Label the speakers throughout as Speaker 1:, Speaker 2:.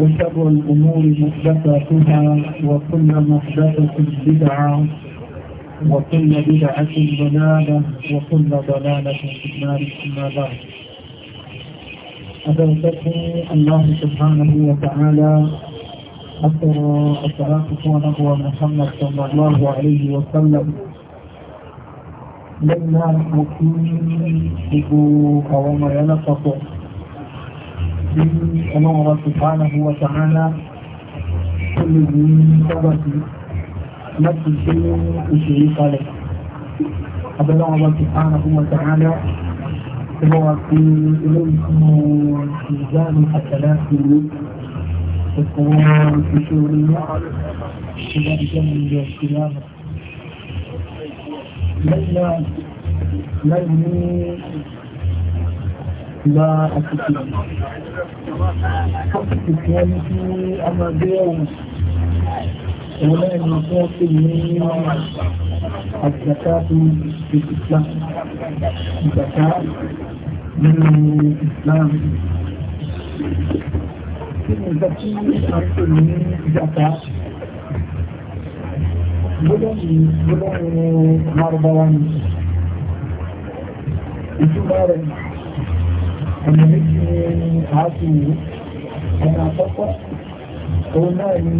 Speaker 1: وشر الأمور محدثاتها وكل محدثة بدعة وكل بدعة ضلالة وكل ضلالة في النار أما بعد الله سبحانه وتعالى أثر الصلاة ونهو محمد صلى الله عليه وسلم لما مكين بقوا وما ما tí ọlọ́run wa subhanahu wa ta'ala tó lè ní sábàtì láti ṣe òṣèré kalẹ̀ abẹ́lọ́run wa subhanahu wa ta'ala tó bọ́ wa ilé ìsinmi ìzáàlú àtàlá sí ìlú القرآن في سوريا كذلك من القيامة gba àtìkì àtìkì tí wọ́n ní kí a máa gbé ẹ̀wọ̀n ẹ̀wọ̀n lẹ́yìn tí wọ́n pè ní àtìkàtà tó ìsìkà ìgbàtà nínú Islam kí ni ìgbà tí a pè ní ìgbàtà gbọ́dọ̀ ní gbọ́dọ̀ ní ọ̀nà méjì ní àápù ọ̀nà àkọ́kọ́ òun náà ni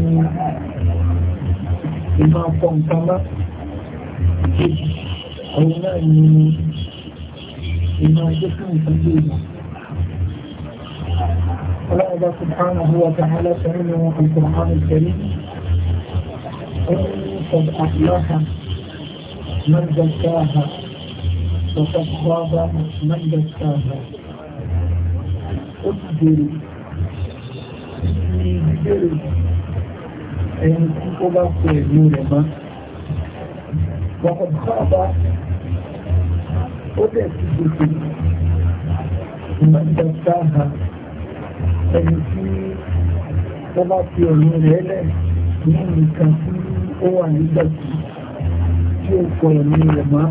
Speaker 1: ìmọ̀ ọ̀pọ̀ nǹkan mọ́ kejì òun náà ni ìmọ̀ ẹgbẹ́ fún nǹkan tó ìmọ̀ ọlọ́ọ̀bá subhanahu wa ta'ala sọ nínú al-Qur'an al-Karim قد أفلح من زكاها وقد خاب من دساها ó ti bèèrè ní bèèrè ẹni tí ó bá sọ ìlú rẹ̀ mọ́ wọ́n kọ̀ bá ó dẹ̀ ti gbèsè ìmọ̀jọ sáà ẹni tí ó bá fi ọ̀rọ̀ rẹ̀ lẹ̀ ní nìkan tí ó wà nígbà tí tí ó kọ ẹ̀mí rẹ̀ mọ́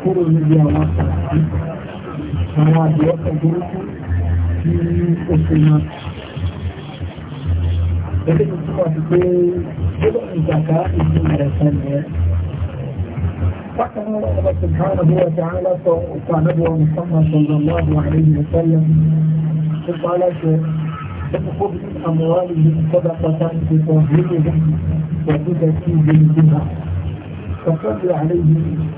Speaker 1: kúrò níbi àwọn àtàkì àwọn àdìọ́kọ̀ burúkú من أسر النار لكن الصفة تقول جزء الزكاة اسم على الثانية فكما الله سبحانه وتعالى فنبوى محمد صلى الله عليه وسلم قال فخذ من أموالهم صدقة تطهرهم وتزكي بها فصل عليهم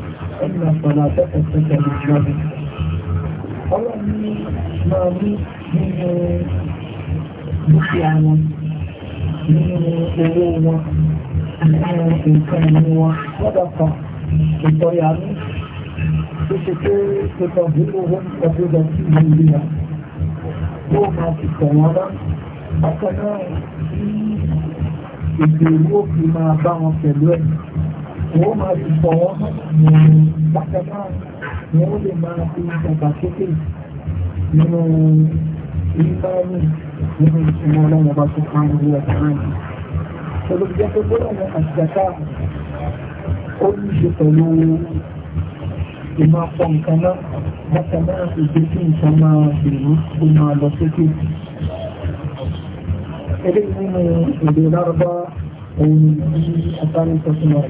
Speaker 1: أن صلاتك سكن لهم ọlọ́run ní máa mú nínú dúkìá wọn nínú owó wọn nínú nǹkan ìní wọn lọ́dọ̀ kan ìtọ́yà ní ó ṣe pé tuntun nínú owó ọdún lọ sí ìlú ìlera tó máa ti tọ̀ wọ́n lọ ọkọ̀ náà èdè owó fi máa bá wọn pẹ̀lú ẹ̀ wọ́n máa ti tọ̀ wọ́n lọ bàtà wọ́n lè máa fi ìdàgbàsókè nínú ìgbàlù nínú ìṣúná ọlọ́run ọba tó pa ìlú ọ̀tá náà. olùjẹ́ tó gbọ́dọ̀ mọ àṣìṣàká ó ní ṣe pẹ̀lú ìmọ̀ ọ̀pọ̀ nǹkan náà bákan náà ìgbé sí nǹkan máa bèrú ó máa lọ òun ní àtàrí sọ́sùn náà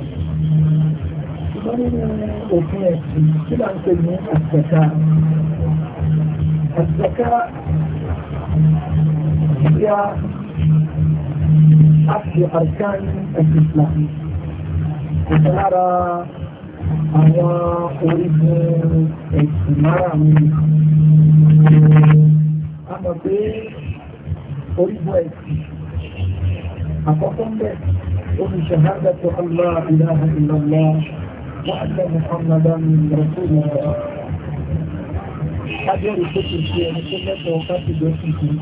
Speaker 1: wọ́n nínú òfin ẹ̀sìn tí bá ń pè ní àtẹ̀ká àtẹ̀ká ìyá àti àrùkán ẹ̀sìn ìlà kò lára àwọn orígun ẹ̀sìn márààrún a mọ̀ pé orígun ẹ̀sìn àkọ́kọ́ ń bẹ̀ olùṣèhádà tó Allah ilaha illallah وأن محمدا رسول الله Adéòrò tó ti ṣe ẹni tó mẹ́tọ̀ káàkiri òṣìṣẹ́.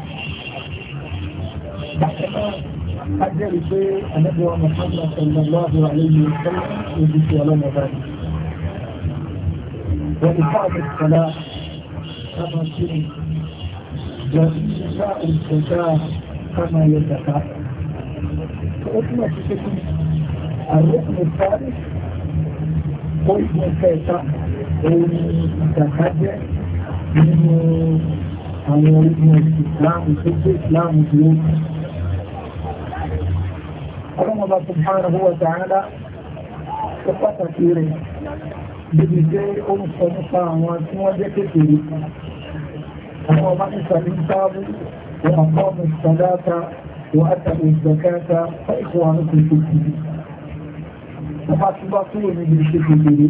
Speaker 1: Bàtẹ́ náà, adéòrò pé ẹnẹ́bẹ̀wọ̀n Mọ̀sánlá Sọ̀lọ́lọ́dọ̀ àlẹ́yìn ìṣẹ́lẹ̀ òjìṣẹ́ ọlọ́mọ̀dá. Wọ́n ni káàkiri kọ́lá, káàkiri kí وإنشاء الفتاة كما يزكى. فأتمت الركن الثالث oṣù kẹta òun ìtàkájẹ́ nínú àwọn orígun ìsìláàmù tó tó ìsìláàmù tó ó ọlọ́mọba subhanahu wa ta'ala tó pàtàkì rẹ̀ níbi jẹ́ ó ń sọ nípa àwọn tí wọ́n jẹ́ kékeré àwọn ọba ní sàlíńtàbù وأقاموا الصلاة وأتوا الزكاة فإخوانكم في الدين tó bá túbá kúrò níbi iṣẹ́ kékeré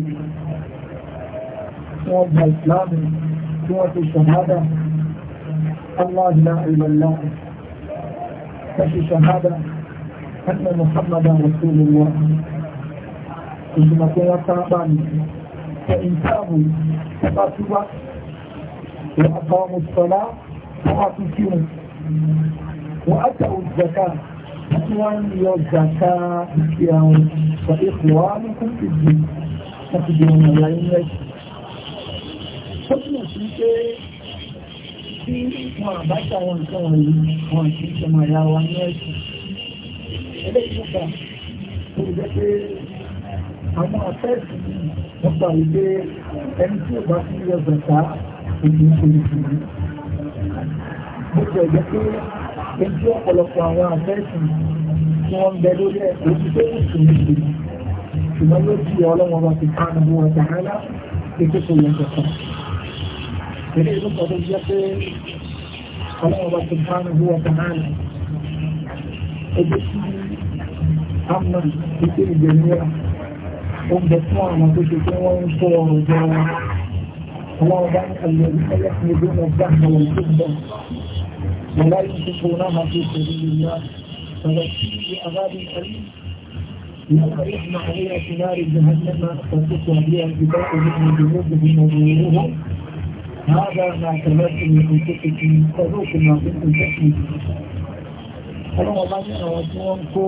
Speaker 1: wọ́n gba ìsìláàmù tí wọ́n ti ṣàhádà aláàdínà ìlọ́lá wọ́n ti ṣàhádà ẹ̀nà muhammadu rasulullah ìṣùmọ̀kẹ́ wọ́n sáábà ní ẹ̀yìn táàbù tó bá túbá wọ́n àtàwọn mùsùlùmá wọ́n á tún tí wọ́n ń yọ jàkà ìkíra wọn sọ ipò wa ní kó ti di láti di ọmọ ìyá inú ẹ̀sìn. ó túnmọ̀ sí pé tí wọn àbáṣà wọn nǹkan wọ̀nyí wọn kì í ṣe pé tí ọ̀pọ̀lọpọ̀ àwọn àfẹ́sìn tí wọ́n ń bẹ lórí ẹ̀kọ́ ti pé ìṣòro ṣùgbọ́n ló di ọlọ́wọ́ wa ti ká àwọn ọ̀dà rárá ètò tó yẹ kọ̀ọ̀kan. Èdè ìlú kan tó jẹ́ pé ọlọ́wọ́ wa ti ká àwọn ọ̀dà rárá ètò tí a mọ̀ ètò ìgbẹ̀mìíràn ó ń bẹ fún àwọn tó ṣe pé wọ́n ń sọ ọ̀rọ̀ jọ wọn. Ọlọ́wọ́ bá ń kàlẹ̀ ìfẹ́lẹ́ fún ìgbẹ́ ولا ينفقونها في سبيل الله فبشر بعذاب أليم يقرحن عليها في نار جهنم فتسوى بها الكتاب من جنوبهم وجنوبهم هذا ما كملت من انفسكم فذوقوا ما كنتم تكذبون ọlọ́wọ́ bá ní àwọn tí wọ́n kó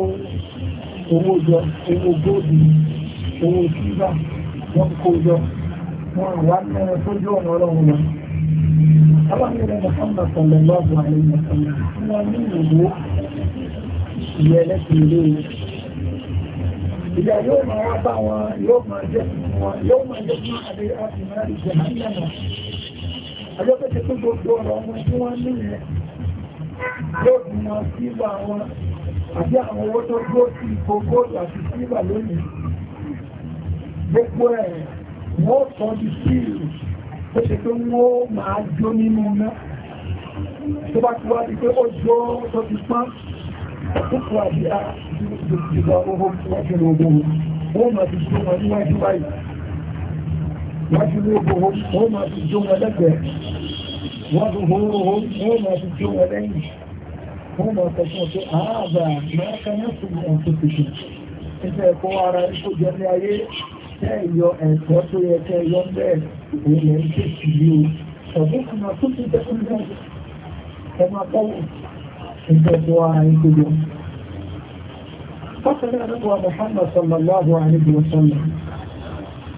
Speaker 1: owó jọ owó góòdì owó sílvà wọ́n kó jọ wọ́n wá mẹ́rin tó jọ ọ̀nà ọlọ́run lọ aláwọ̀rẹ́ Muhammad sallallahu alayhi wa sallam wọ́n ní ìwò ìyẹ́ lẹ́sìn ilé ìyá yóò máa wá bá wọn yóò máa jẹ́ wọn yóò máa jẹ́ fún àdé àfihàn ìjẹ́ àyànà ajọ́pẹ́tẹ́ tó gbogbo ọ̀rọ̀ ọmọ tí wọ́n ní ìyẹn yóò bí wọn sílà wọn àti àwọn owó tó dúró sí gbogbo àti sílà lónìí gbogbo ẹ̀ wọ́n sọ di sílù tó ṣe pé wọ́n máa jó nínú iná tó bá ti wá di pé ó jó tó ti pán púpọ̀ àti ìgbà owó wájú lóògbò wọ́n máa ti jó wọn níwájú báyìí wájú lóògbò wọ́n máa ti jó wọn lẹ́gbẹ̀ẹ́ wọ́n tó hóró wọ́n máa ti jó wọn lẹ́yìn wọ́n máa tẹ̀sán pé àábà mẹ́ta mẹ́sùn ọ̀hún tó ti ṣe ìfẹ́ ẹ̀kọ́ ara ẹ̀kọ́ jẹ́ ní ayé tẹ́ ìyọ ẹ̀kọ́ tó yẹ tẹ́ ìyọ bẹ́ẹ̀ من الشيوخ ما كتب كل ذلك كما قول عند الدعاء كله فقد نبوى محمد صلى الله عليه وسلم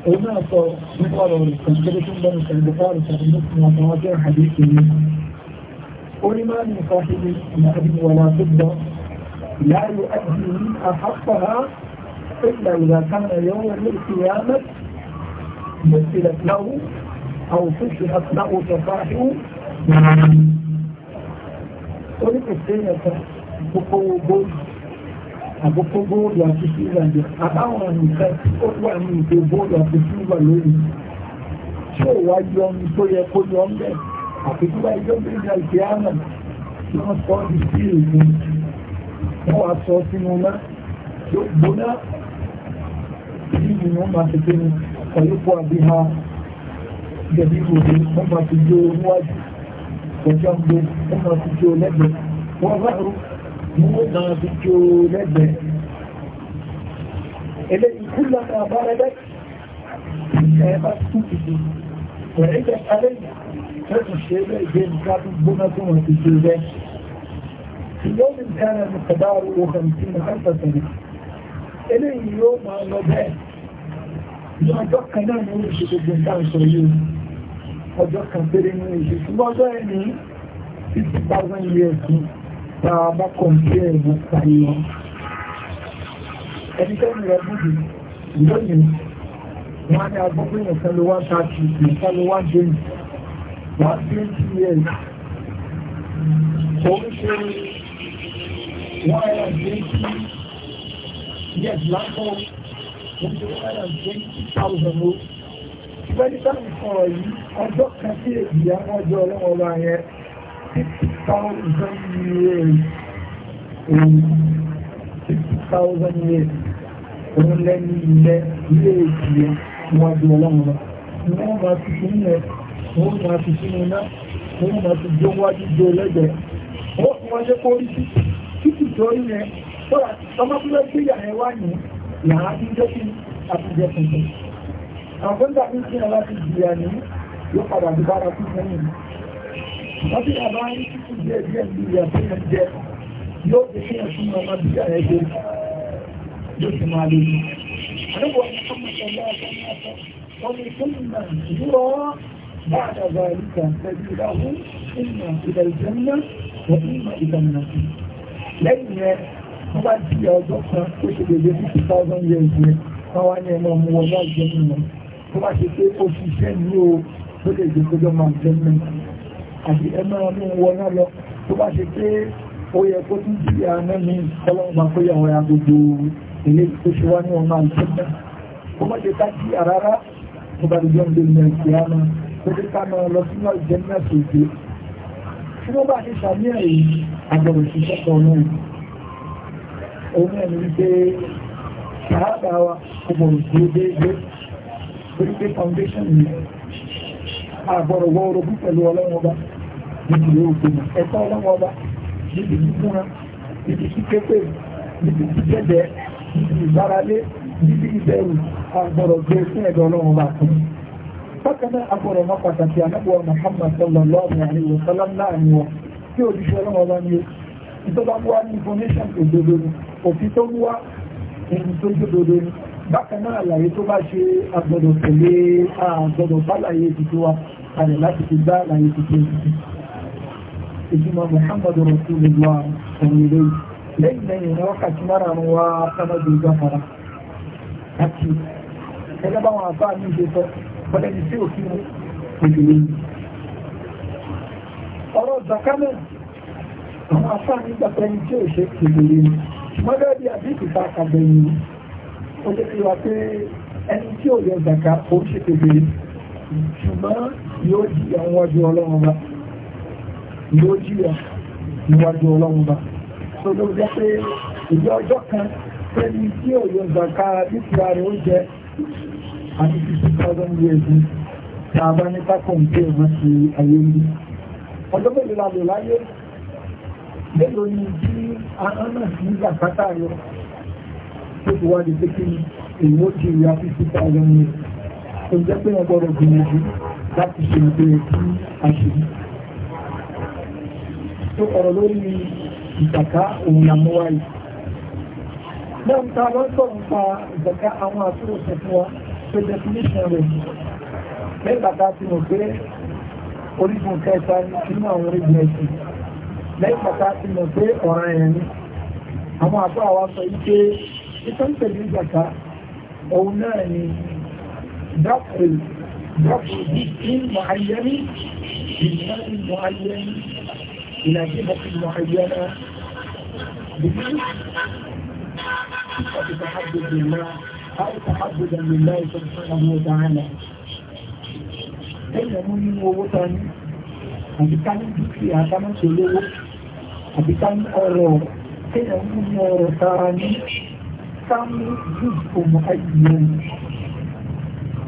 Speaker 1: وما صار مقرر تنتبه بني البخاري صحيح مسلم ومواضيع حديثه ولما من صاحب المعلم ولا تبدا لا يؤدي من أحقها إلا إذا كان يوم القيامة مثلت له أو فتحت له صفائحه oríkè sẹ́yìn ẹ̀ka àkókò owó àkókò bóòlù àti sílà ní àbáwọn nǹkan ó wà ní ìpè bóòlù àti sílà lónìí tí ó wá yọ ọmọ tó yẹ kó yọ ọmọ àti tó bá yọ bí ní àìsí àmà tí wọ́n sọ ní sí ìlú wọ́n wá sọ sínú náà yóò gbóná tí ìlú wọn máa fi kéwòn. فيقوى بها جديده ثم تجوه وجه وجنبه ثم تجوه لبه وظهره ثم تجوه لبه إليه كلما بردت الشيبات تجده وعدت عليه هذا الشيء بين كاتبنا ثم تجوه في يوم كان مقداره خمسين ألف سنة إليه يوم على ذلك ní ọjọ́ kan náà ní oṣù gbogbo ìdáǹsọ yìí ọjọ́ kan péré ní oṣù ṣùgbọ́n ọjọ́ ẹni 50,000 years ní bàbá kọ̀ǹtì ẹ̀rọ pàlọ́ ẹni tẹ́lẹ̀ rẹ̀ bùdù lónìí wọ́n á ní agbọ́gbé yẹn kan ló wá ta ti ìpín kan ló wá dé wọ́n dé years òun ṣe wọ́n ẹ̀rọ dé ti years lápò Pẹ́lítàmì sọ̀rọ̀ yìí, ọjọ́ kan sí èdè àwọ́jọ́ ọlọ́wọ́ bá yẹn, thousand years òun lẹ́nu ilẹ̀ ilé ìjìyà níwájú ọlọ́run lọ wọ́n máa fi sínú ẹ̀ wọ́n máa fi sínú iná wọ́n máa fi jó wájú jó lẹ́gbẹ̀ẹ́ wọ́n fi wọ́n ṣe kó rí sí títí tó rí yẹn tọ́lá tọ́mọ́túnlẹ́gbẹ̀yà ẹ̀ wá yìí yàrá tí jẹ́ kí àtijọ́ tuntun àwọn tó ń sin aláti jìyà ní yóò padà bí bára tí wọ́n yìí wọ́n ti yàrá ń títí díẹ̀ díẹ̀ bí ìyà tó yẹn jẹ yóò fi fi hàn sínú ọmọ bí ààrẹ jẹ yóò fi máa lè ní àdúgbò wọn ni fún ìmọ̀ ìdúró بعد ذلك سبيله إما إلى الجنة وإما nígbà tí ọjọ́ kan ó ṣe dédé fifty thousand years yẹn wọ́n wá ní ẹ̀mọ́ ọmọ wọn náà jẹ́ nínú tó bá ṣe pé ó ṣiṣẹ́ ní o tó lè jẹ́ kójọ́ máa jẹ́ nínú àti ẹ̀mọ́ ọmọ wọn náà lọ tó bá ṣe pé ó yẹ kó tún jí àná mi ọlọ́gbà pé àwọn ya gbogbo ilé tó ṣe wá ní ọmọ àjẹ́nà ó òun náà ní pé ṣàádà wa kòmò foundation ni àbọ̀rọ̀ wọ orogún pẹ̀lú ọlọ́run ọba níbi ìwé ògbómọ̀ ẹ̀kọ́ ọlọ́run ọba níbi ìmúra níbi kíképe níbi ìjẹ́jẹ́ níbi ìgbáralé níbi ìbẹ̀rù àbọ̀rọ̀ gbé fún ẹ̀dọ̀ ọlọ́run ọba fún bákanáà Muhammad sallallahu alaihi wa sallam náà ni wọ́n tí ìtọ́ba mú wá ní information òdodo ni òfin tó mú wá ẹni tó jódodo ni bákan náà àlàyé tó bá ṣe agbọ́dọ̀ tẹ̀lé àgbọ́dọ̀ bálàyé tuntun wa kalẹ̀ láti fi gbá àlàyé tuntun yìí ìjùmọ̀ Muhammadu Rasulullah ọ̀rọ̀ ilé yìí lẹ́yìn lẹ́yìn ní wákàtí márùn-ún wa sábàbí ìgbà fara àti ẹgbẹ́ báwọn àbá mi ṣe sọ pẹ̀lẹ́ni sí òfin òjò lẹ́yìn ọ̀rọ̀ zakamẹ́ àwọn afáàní gbàtẹ́ni tí ò ṣe kékeré ni mọ́gẹ́ bí àbíkì ta kàbẹ̀yìn ó lè fi wá pé ẹni tí ò yẹ zaka ó ṣe kékeré ṣùgbọ́n yóò jí àwọn ọjọ́ ọlọ́run bá yóò jí níwájú ọlọ́run bá tó ló jẹ́ pé ìjọ ọjọ́ kan pẹ́ni tí ò yẹ zaka dúkìá rẹ̀ ó jẹ àti 50,000 years ní tàbá nípa kọ̀ǹpé wọn sí ayé ní ọjọ́ mélòó láyé mélòó ni bí ahánà sí àkátà yọ tó ti wá di pé kí èyí ó ti rí fifty thousand ní tó jẹ́ pé wọ́n gbọ́dọ̀ gbìyànjú láti ṣe ìbéèrè sí àṣírí tó ọ̀rọ̀ lórí ìtàkà òun àmúwá yìí náà ń ta lọ́sọ̀ pa ìtàkà àwọn àtúròsọ fún wa pé definition rẹ̀ mẹ́ta ká ti mọ̀ pé orígun kẹta nínú àwọn orígun ẹ̀sìn lẹ́yìn pàtà ti mọ̀ pé ọ̀ràn ẹ̀yàn ni àwọn àpá àwa sọ wípé ìtọ́ǹtẹ̀ ní ìgbàta òun náà ni dákùn dákùn bí i mọ̀ ayẹ́rí ìmọ̀ ìmọ̀ ayẹ́rí ìlàjì mọ̀ ìmọ̀ ayẹ́rí بمن وتتحدث بالله أو تحدثا لله سبحانه وتعالى ẹ̀yẹ̀ mú nínú owó tán ní àti ká ní dúkìá ká má ṣe lówó àbí ká ní ọ̀rọ̀ tẹ́lẹ̀ ń mú ọ̀rọ̀ sára ní sáàmù jùsùkò mọ́ àìyàn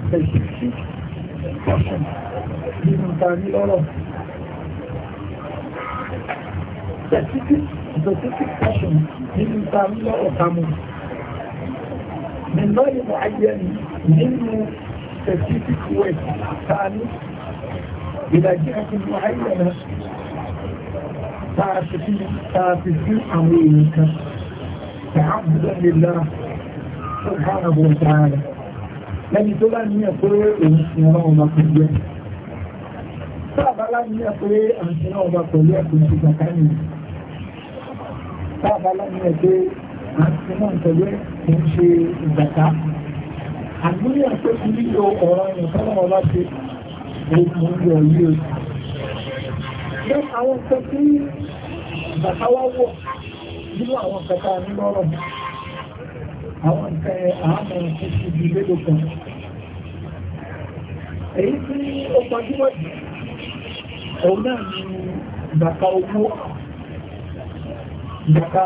Speaker 1: pẹ̀lú sí ọ̀sán nínú ta ní ọ̀rọ̀ specific من مال معين منه specific way ثاني إلى جهة معينة tààfi sí àwọn èèyàn kan tààbùdánilá ṣùgbọ́nàbò tààrà lẹ́ni tó bá ní ẹ̀kọ́ èyí sí ọmọ ọmọ pẹ̀lú ẹ̀ tààbálá ní ẹ̀kọ́ àti ọmọ pẹ̀lú ẹ̀kọ́ sí kàkánì tààbálá ní ẹ̀kọ́ àti ọmọ pẹ̀lú ẹ̀kọ́ sí ìgbàká àgbúrí ẹ̀kọ́ sí lílo ọ̀rọ̀ ẹ̀kọ́ ọmọ bá ṣe ètò Ṣé àwọn nǹkan tí bàtà wá wọ̀ nínú àwọn kẹta nínú ọ̀rọ̀ mi? Àwọn nǹkan àmọ́ ti ti di lélo kan. Èyí tí ó gbajúmọ̀ jù, òun náà ni bàtà owó. Bàtà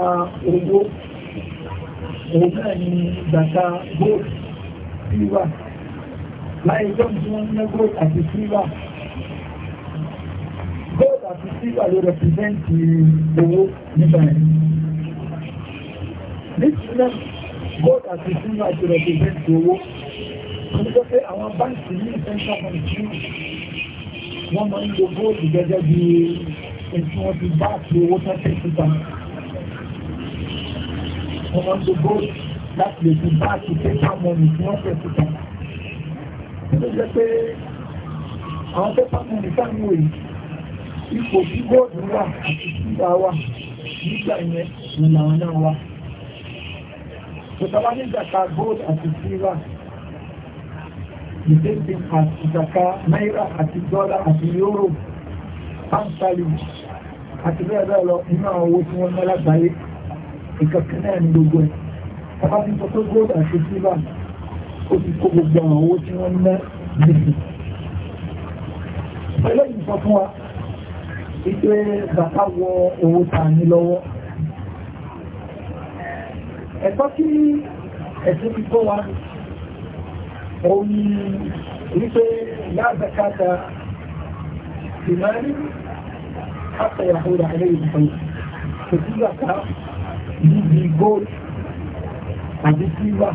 Speaker 1: owó, òun náà ni bàtà góòlù, sílvà. Láì jọ́ tí wọ́n ń ná àti sílvà àti sígbà ló rẹpìsẹ́ntì eh, owó nígbà ẹ̀ nígbà gold àti sígbà ti rẹpìsẹ́ntì owó nígbà pé àwọn báńkì ní central bank wọ́n máa ń lo gold gẹ́gẹ́ bí ètò wọn ti bá àti owó tẹ́tẹ́ síta wọ́n máa ń lo gold láti lè fi bá àti paper money tí wọ́n tẹ́ síta. Nígbà pé àwọn paper money sáà ń wòye ipò tí góòdù wà àti síra wà nígbà yẹn ni làwọn náà wà tọ́tàwá ní ìjàkà góòdù àti síra ìdẹ́gbẹ̀ àti ìjàkà náírà àti dọ́là àti yóró pàǹtàlì àti bẹ́ẹ̀ bẹ́ẹ̀ lọ inú àwọn owó tí wọ́n mọ́ lágbàáyé ìkọ̀kẹ́ náà ní gbogbo ẹ̀ tọ́tàwá ní sọ pé góòdù àti síra ó ti kó gbogbo àwọn owó tí wọ́n mọ́ pẹ̀lú ìsọfún wa ìpé bàbá wọ owó tàní lọ́wọ́ ẹ̀kọ́ tí ẹ̀sùn ti kọ́ wa òun wípé láàbẹ̀káta ìmáàrí káta ìyàwó rẹ̀ ìfẹ́ kò sí bàbá níbi gold àti silver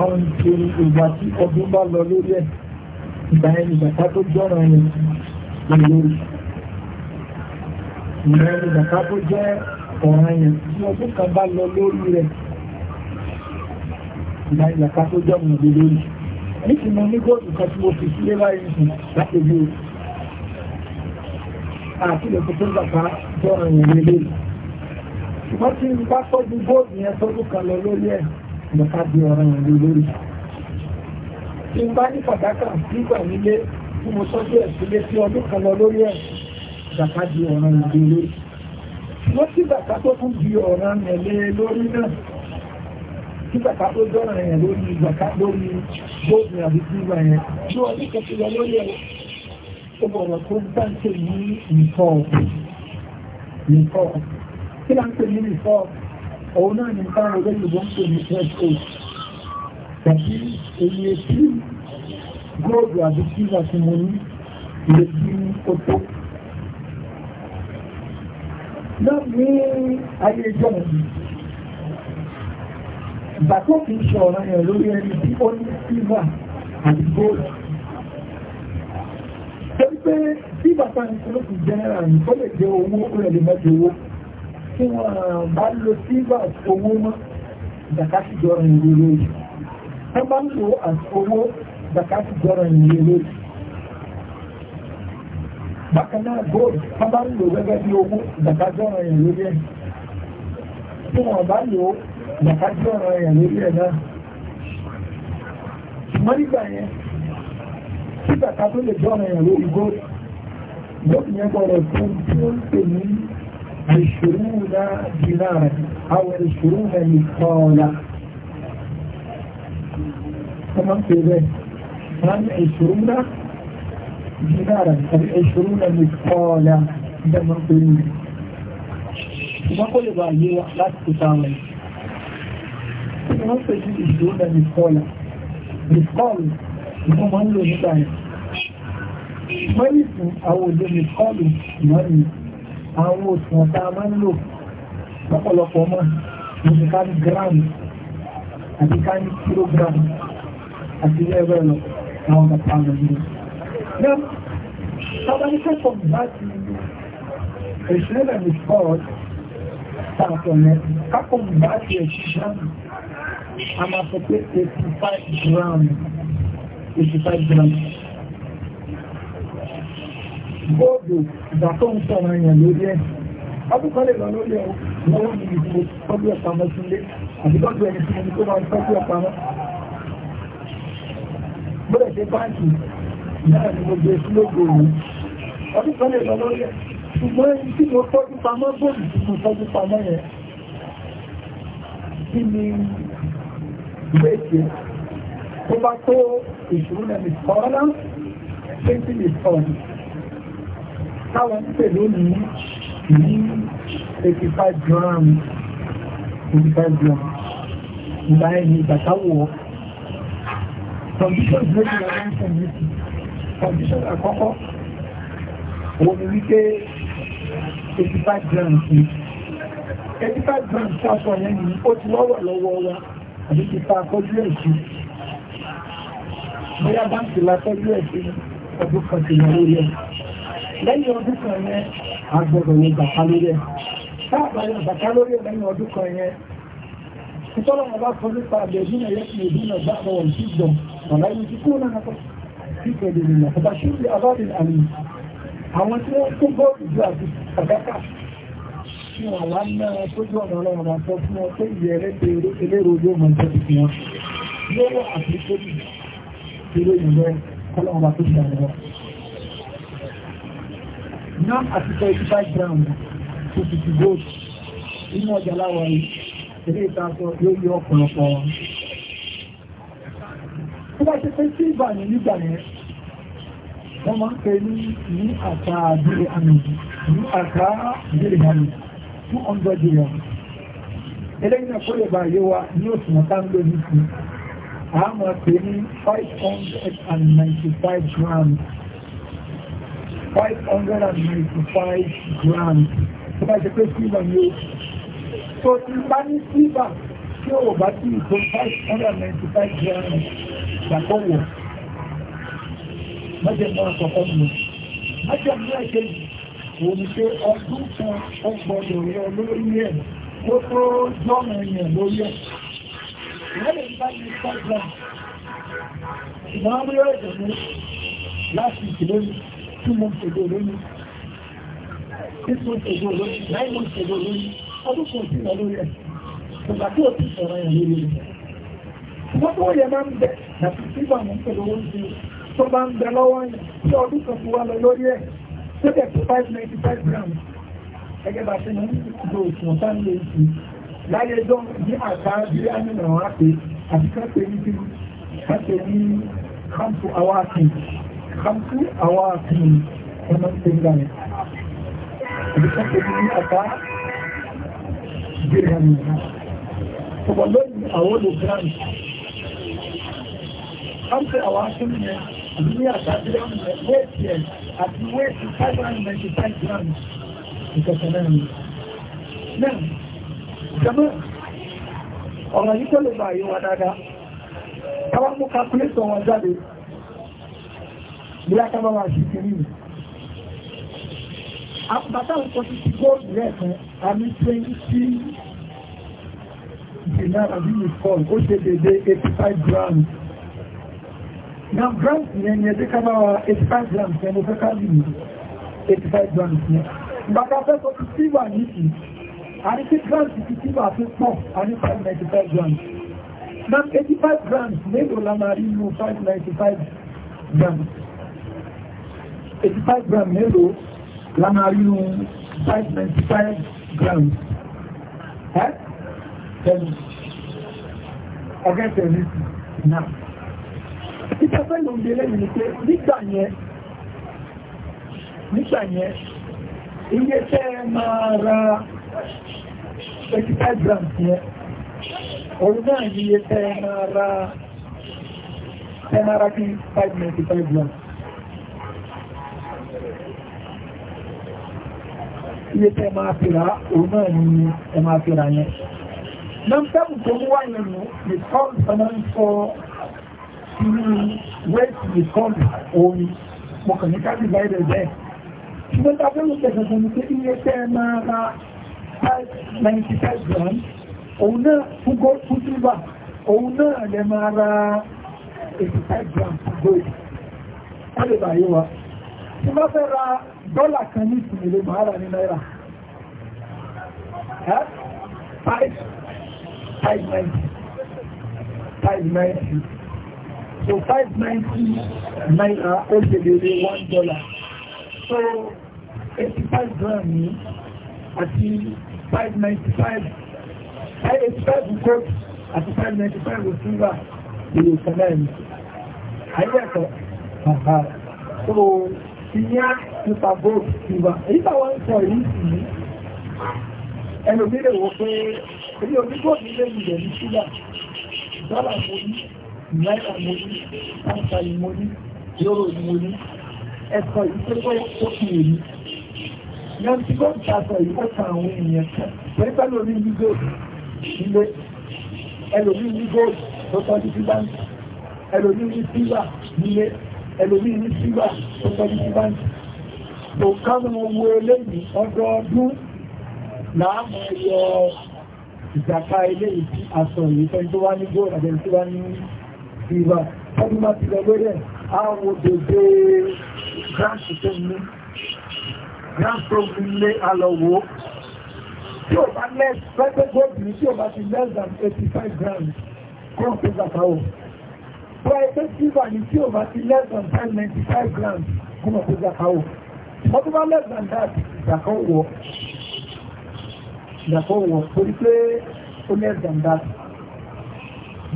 Speaker 1: àwọn ìpèrè ìgbà tí ọdún bá lọ lórí ẹ̀ ìgbà ẹni bàbá tó jọ́ràn ẹni lórí ìrẹ́ ni zaka tó jẹ́ ọ̀ràn yẹn tí ọdún kan bá lọ lórí rẹ̀ ìrẹ́ ni zaka tó jẹ́ ọ̀ràn yẹn lórí nítorí mo ní góòlù kan tí mo fi sílé láyé sùn láti bí o àti lè tuntun zaka jẹ́ ọ̀ràn yẹn lórí ṣùgbọ́n tí n bá tọ́jú góòlù yẹn tọ́dún kan lọ ní pàtàkì nígbà nílé tí mo tọ́jú ẹ̀ sílé sí ọdún kan lọ lórí ẹ̀ zaka di ọ̀ràn ìgbèrè wọ́n tí zaka tó tún di ọ̀ràn ẹ̀lẹ́ lórí náà tí zaka tó dọ́ràn ẹ̀ lórí zaka lórí bóòdù àbí sílva yẹn tí wọ́n ní kẹsìlẹ̀ lórí ẹ̀ ó bọ̀rọ̀ tó bá ń pè ní nǹkan nǹkan kí là ń pè ní nǹkan òun náà èyí èsì góòdù àbí sílva tí mo ní ìrètí ní ayé ìjọ òní ìgbà tó kìí ṣe ọ̀rọ̀ ẹ̀ lórí ẹni tí ó ní sílvà àti góòlù torí pé tí bàtà ní kúlùkù jẹ́nẹ́rà ní kó lè jẹ owó orílẹ̀-èdè mẹ́jọ owó tí wọ́n bá lo sílvà owó mọ́ ìdàkásí jọra ìlú lórí wọ́n bá ń lo owó ìdàkásí jọra ìlú lórí bákan náà góòlù wọ́n bá ń lò gẹ́gẹ́ bí owó ìdàkájọ́ràn èèyàn lórí ẹ̀ tí wọ́n bá lò ìdàkájọ́ràn èèyàn lórí ẹ̀ náà ṣùgbọ́n nígbà yẹn tí bàtà tó lè jọ́ràn èèyàn lórí góòlù góòlù yẹn gbọ́dọ̀ tó tí ó ń pè ní ìṣòro náà dìnnà rẹ̀ àwọn ìṣòro náà ní kọ́ọ̀lá wọ́n ń pè bẹ́ẹ̀ wọ́n á ní ìṣòro náà دينارا العشرون مثقالا دمر قليل ṣùgbọ́n kó lè bá yé wa láti kò sáwọn ẹ̀ tí wọ́n pè sí ìṣòro náà mìkọ́lá mìkọ́lù ìwọ́n máa ń lò nígbà yẹn mọ́rìsì àwọn òde mìkọ́lù ìmọ̀rì àwọn òsùn ọ̀tá máa ń lò lọ́pọ̀lọpọ̀ mọ́ níbi ká ní gíráàmù àti ká ní kílógíráàmù àti ilé Now, tabaníkẹ́ sọ bá ti ìṣẹ́lẹ̀ with God tààtọ̀lẹ̀ kápọ̀ bá ti ẹ̀ṣiṣẹ́ a máa que pé 85 gram 85 gram góòdù ìdàtọ̀ ń sọ̀rọ̀ èèyàn lórí ẹ̀ abúkọ́lẹ̀ lọ lórí ẹ̀ lọ́wọ́ ní ìdìbò tọ́jú ẹ̀pà mọ́ sílé àti tọ́jú ẹni tí mo ní tó máa tọ́jú ẹ̀pà mọ́ bọ́dẹ̀ ṣe báńkì náà ni mo gbé sílógò yìí ọdún kan lè lọ lórí ẹ̀ ṣùgbọ́n ẹni tí mo tọ́jú pamọ́ bóòlù tí mo tọ́jú pamọ́ yẹn kí ni ìwé ìṣe tó bá tó ìṣòro náà ní kọ́ọ́lá twenty million táwọn ń pè lónìí ní eighty five gram eighty five gram ìgbà ẹni ìgbà táwọ̀ conditions méjìlá ń sọ méjì condition àkọ́kọ́ wọ́n ni wípé 85 grams ni 85 grams sáṣọ yẹn ni ó ti lọ́wọ́ lọ́wọ́ wa àbí ti ta akọ́jú ẹ̀ sí bóyá báńkì látọ́jú ẹ̀ sí ọdún kan ti lọ lórí ẹ̀ lẹ́yìn ọdún kan yẹn a gbọ́dọ̀ yẹn bàtà lórí ẹ̀ táàbà yẹn bàtà lórí ẹ̀ lẹ́yìn ọdún kan yẹn ìtọ́lọ́mọba sọ nípa àbẹ̀dínà yẹn ti lè dínà bá àwọn òṣìṣẹ́ ọ̀la yìí ti kú náà sí ìpẹ̀lẹ̀ ìrìnà ọba ṣe ń lè abárin àmì àwọn tí wọ́n kó bọ́ọ̀lù jù àti àdákà ṣe wà wá náà tójú ọ̀nà ọlọ́run àtọ́ fún ọ pé ìyẹ̀rẹ́ tèrè elérò yóò mọ̀ jẹ́ ti fihàn lọ́wọ́ àti tóbi tèrè ìrẹ́ ọlọ́run bá tó ṣe àrẹ́wọ́ náà àti sọ ìtú background tó ti ti gold inú ọjà láwọ̀ yìí eré ìtàkọ yóò yọ ọ̀pọ̀lọpọ̀ wọn. Tó bá ṣe pé sí ìbànú nígbà yẹn wọ́n máa ń pè ní ní àṣà àdúrà àmì ní àṣà àdúrà àmì 200 dirham eléyìn náà kó lè bá ní oṣù mọ́ta ń lò ní sí a máa ní 595 grams 595 grams tó bá ṣe pé sílọ ní o tó ti bá ní sílọ tí ó bá sí ìtò 595 grams májẹ̀mú àkọ́kọ́ mi májẹ̀mú ẹ̀kejì òun pé ọdún kan ó gbọdọ̀ rẹ lórí ẹ̀ kó tó jọ́nà yẹn lórí ẹ̀ lẹ́yìn bá ní sọ́gbà ìmọ̀ ẹ̀jẹ̀ mi láti ìkìlóyìn tí mo ń ṣègbè lóyìn tí mo ń ṣègbè lóyìn láì mo ń ṣègbè lóyìn ọdún kan sí lórí ẹ̀ ìgbà tí ó ti sọ̀rọ̀ yẹn lórí ẹ̀ wọ́n tó yẹ máa ń bẹ̀ láti sígbà mo ń pẹ̀lú tó bá ń bẹ lọ́wọ́ yìí tí ọdún kan ti wá lọ lórí ẹ̀ tó dẹ̀ tó 595 grams ẹgẹ́ bá ṣe ní ìgbò òṣùwọ̀n tá ń lè ṣe láyé dán ní àṣà ilé àmìnà wá pé àti káṣe ní bí káṣe ní kámpu awáàkìn kámpu awáàkìn ọmọ ṣe ń gbàmì àti káṣe ní àṣà gbèrè àmìnà ọ̀pọ̀ lónìí àwọn olùgbàmì Káfíńsì àwọn aṣọ́nù yẹn, àbí ní àtàkì gíráàmù yẹn, wéètì yẹn, àti wéètì five hundred ninety five gíráàmù ìkẹ̀kẹ̀ náà ni. Náà, jẹ́mọ́, ọ̀rọ̀ yìí tó lè bá yìí wá dáadáa. Káwá mú kákúlétọ̀ wọn jáde. Bí a ká bá wà sí kiri nìyí àpàtà nǹkan ti ti góòlù lẹ́ẹ̀kan àmì twenty dinar àbí nìkan ó ṣe dédé eighty five grams Now grams yẹn ni ẹjẹ́ ká bá wa 85 grams ẹni fẹ́ ká lè ní 85 grams yẹn. Bàbá fẹ́ sọ ti sílvà nìkì, a ní sí grams ti sílvà fi pọ̀, a ní 595 grams. Now 85 grams mélòó la máa rí inú 595 grams? 85 grams mélòó la máa 595 grams? Ẹ́ tẹ̀lé, ọ̀gẹ́ tẹ̀lé sí náà títẹ́ fẹ́ ló ń gbé lẹ́yìn ni pé nígbà yẹn nígbà tẹ́ máa ra 35 grams yẹn òun náà ni tẹ́ máa ra tẹ́ ra kí 595 grams iye tẹ́ máa fìrà òun náà ni ẹ máa fìrà yẹn. Nọ́mbẹ́bù tó ń wáyé nù ní kọ́ọ̀lù ń sọ tí wéètì ìkọlù omi mọ̀kàn ní káàkiri báyìí rẹ̀ bẹ́ẹ̀ ṣùgbọ́n tàbí ó tẹ̀sẹ̀ sọ ní pé iye tẹ́ máa ra 95 grams òun náà fún gold fún silver òun náà lè máa ra 85 grams fún gold ó lè bàyí wa tí wọ́n fẹ́ ra dọ́là kan ní ìsìnlẹ̀ máa ní náírà 5 5 so five ninety naira uh, ó lè lèrè one dollar so eighty five gram ní àti five ninety five five eighty five gold àti five ninety five silver ìlú ìsẹ̀lẹ̀ mi ayé ẹ̀kọ́ so ìyá nípa gold silver èyí táwọn ń sọ yìí sí ẹlòmíràn wọ pé èyí onígbòmí lè lè ní sílẹ̀ dọ́là mo ní ìyáyà mo ní ọ̀nkà ìmọ̀ ní yóò ìmọ̀ ní ẹ̀kọ́ ìpínlẹ̀ tó fi èyí yẹn tí kò ń ṣàtọ̀ yìí kọ́ta àwọn èèyàn pẹ̀lú pẹ̀lú orí ní góòlù ilé ẹlòmí ní góòlù tó tọ́ ní bíbáǹkì ẹlòmí ní sílà nílé ẹlòmí ní sílà tó tọ́ ní bíbáǹkì tó kánú owó eléyìí ọdọọdún láàmú ẹyọ ìjàkà eléyìí aṣọ yìí fẹ́ tó wá ní góòlù àbẹ̀rẹ̀ tó wá ní ìwà ọdún bá ti lọ lórí ẹ̀ àwọn òdòdó gíráàsì tó ní gíráàsì tó ní lé alọ́wọ́ tí ó bá lẹ́s pẹ́pẹ́ gómìnì tí ó bá ti less than 85 grams kó pé zàkáwò tó ẹgbẹ́ sílvà ní tí ó bá ti less than 95 grams kó pé zàkáwò ọdún bá less than that zàkáwò zàkáwò torí pé ó less than that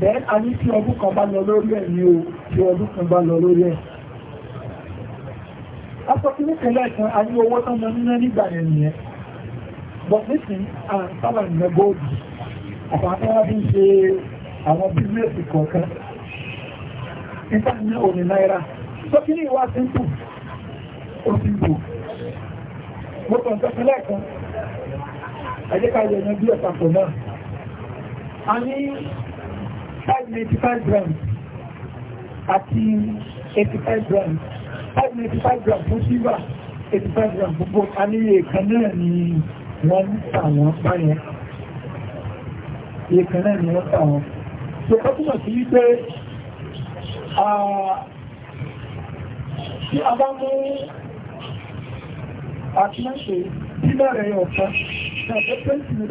Speaker 1: Then a ní tí ọdún kan bá lọ lórí ẹ̀ ní o tí ọdún kan bá lọ lórí ẹ̀ a sọ pé nípa ẹlẹ́ẹ̀kan a ní owó tán lọ nínú nígbà yẹn nìyẹn but nísìn à ń sábà nìyẹn góòdù àtàwọn ẹ̀rọ bí ń ṣe àwọn bísíẹ̀sì kọ̀ọ̀kan nípa ní òní náírà sọ kí ní ìwà simple ó ti wò mo tàn tẹ́sí lẹ́ẹ̀kan ẹ̀jẹ̀ ká yẹn bí ọ̀pàpọ̀ náà a ní 585 grams àti 85 grams 585 grams fún silver 85 grams fún gold a níye kan náà ni wọ́n ń tà wọ́n báyẹn iye kan náà ni wọ́n tà wọ́n so ó túnmọ̀ sí wípé tí a bá mú àtúnṣe dínà rẹ̀ ọ̀kan náà tó 20 ní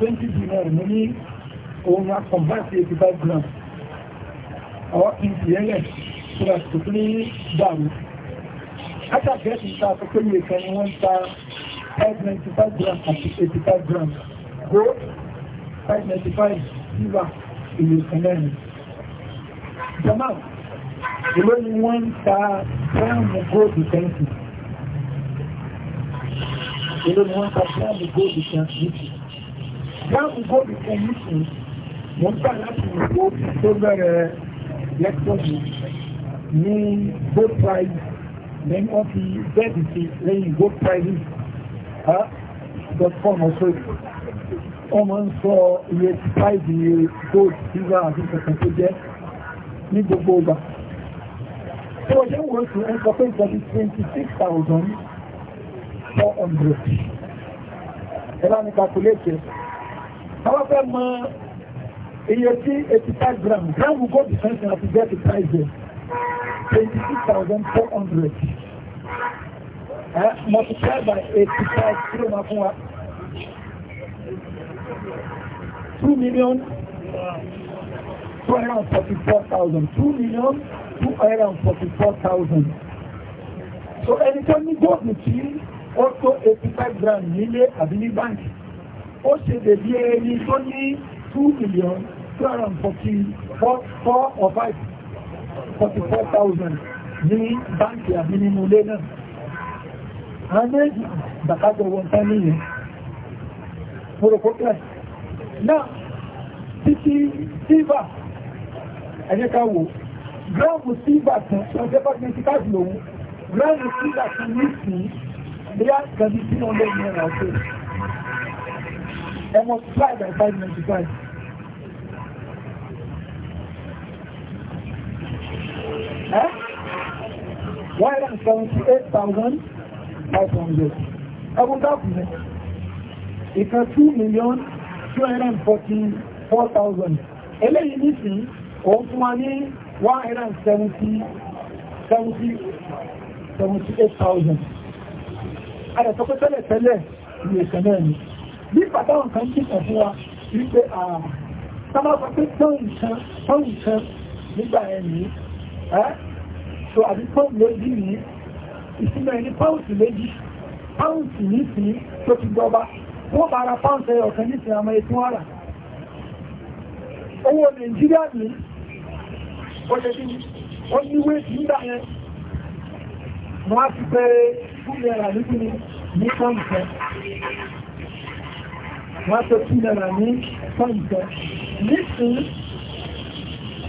Speaker 1: 20 dínà rẹ̀ ní òun a kọmbáṣì 85 grams àwọn ìpìlẹ̀ tó rà tó ní dáàmù látàgẹ́sì ta tó pé yẹ kan ni wọ́n ta 595 grams àti 85 grams gold 595 silver ìlú kanẹ́rin jamal ìlú ni wọ́n ta gráàmù gold ìfẹ́ǹsì ìlú ni wọ́n ta gráàmù gold ìfẹ́ǹsì gráàmù gold ìfẹ́ǹsì mo gbà láti ìwò tó bẹ̀rẹ̀ lẹ́kọ̀ọ́sì ní gold prize lẹ́yìn wọ́n fi bẹ́ẹ̀dì sí lẹ́yìn gold prize dot com ọ̀ṣọ́ wọ́n máa ń sọ iye prize iye gold silver àti kẹ̀kẹ́ tó jẹ́ ní gbogbo ọgbà tó ọjọ́ wọ́n tún ń pé ìjọba twenty six thousand four hundred ẹ̀rọ ni calculate ẹ̀ àwọn fẹ́ mọ iye tí eighty five grams gram go be twenty as you get the price there twenty six thousand four hundred multiply by eighty five kilo ma fún wa two million two hundred and forty four thousand two million two hundred and forty four thousand so ẹni tó ní góòlù tí ó tó eighty five grams nílé àbí ní báńkì ó ṣe dèbí ẹni tó ní two million two hundred forty four or five forty four thousand ní báńkì àbí nínú ilé náà àwọn méjì ìgbàkájọ wọn tán nìyẹn fòròkó class náà títí silver ẹ̀yẹ́ká wò gíráàmù silver kan ọjọ́ bá gbé sí káàdì lòun gíráàmù silver kan ní sí bíyá gàdí sínú ọlọ́run ẹ̀rọ ọ̀tọ̀ ẹ̀mọ́ 5 by 595 one hundred and seventy eight thousand five hundred ẹgbùn dákùnrin ìkan two million two hundred and forty four thousand eléyìí nísìn òun fún wa ní one hundred and seventy seventy seventy eight thousand adẹ̀sọ́pẹ́ tẹ́lẹ̀ tẹ́lẹ̀ ìwé ìṣẹ̀lẹ̀ ni bí pàtàkùn kan kí ẹ̀ fún wa wípé àà sábà pàtàkùn tán ìṣẹ́ nígbà ẹ̀ nìí so àbí pọ́ùn méjì ní ìsinmi ẹni pọ́ùnsì méjì pọ́ùnsì nísìnyí tó ti gbọba wọ́n bá ra pọ́ùnsì ẹyọ kan nísìnyí àmọ́ ètò ara owó nàìjíríà ní ó bí ó ní wéjì nígbà yẹn wọ́n á ti pẹ́rẹ́ fún ẹ̀rà nígbìnrin ní pọ́ǹtẹ́ wọ́n á tó fún ẹ̀rà ní pọ́ǹtẹ́ nísìnyí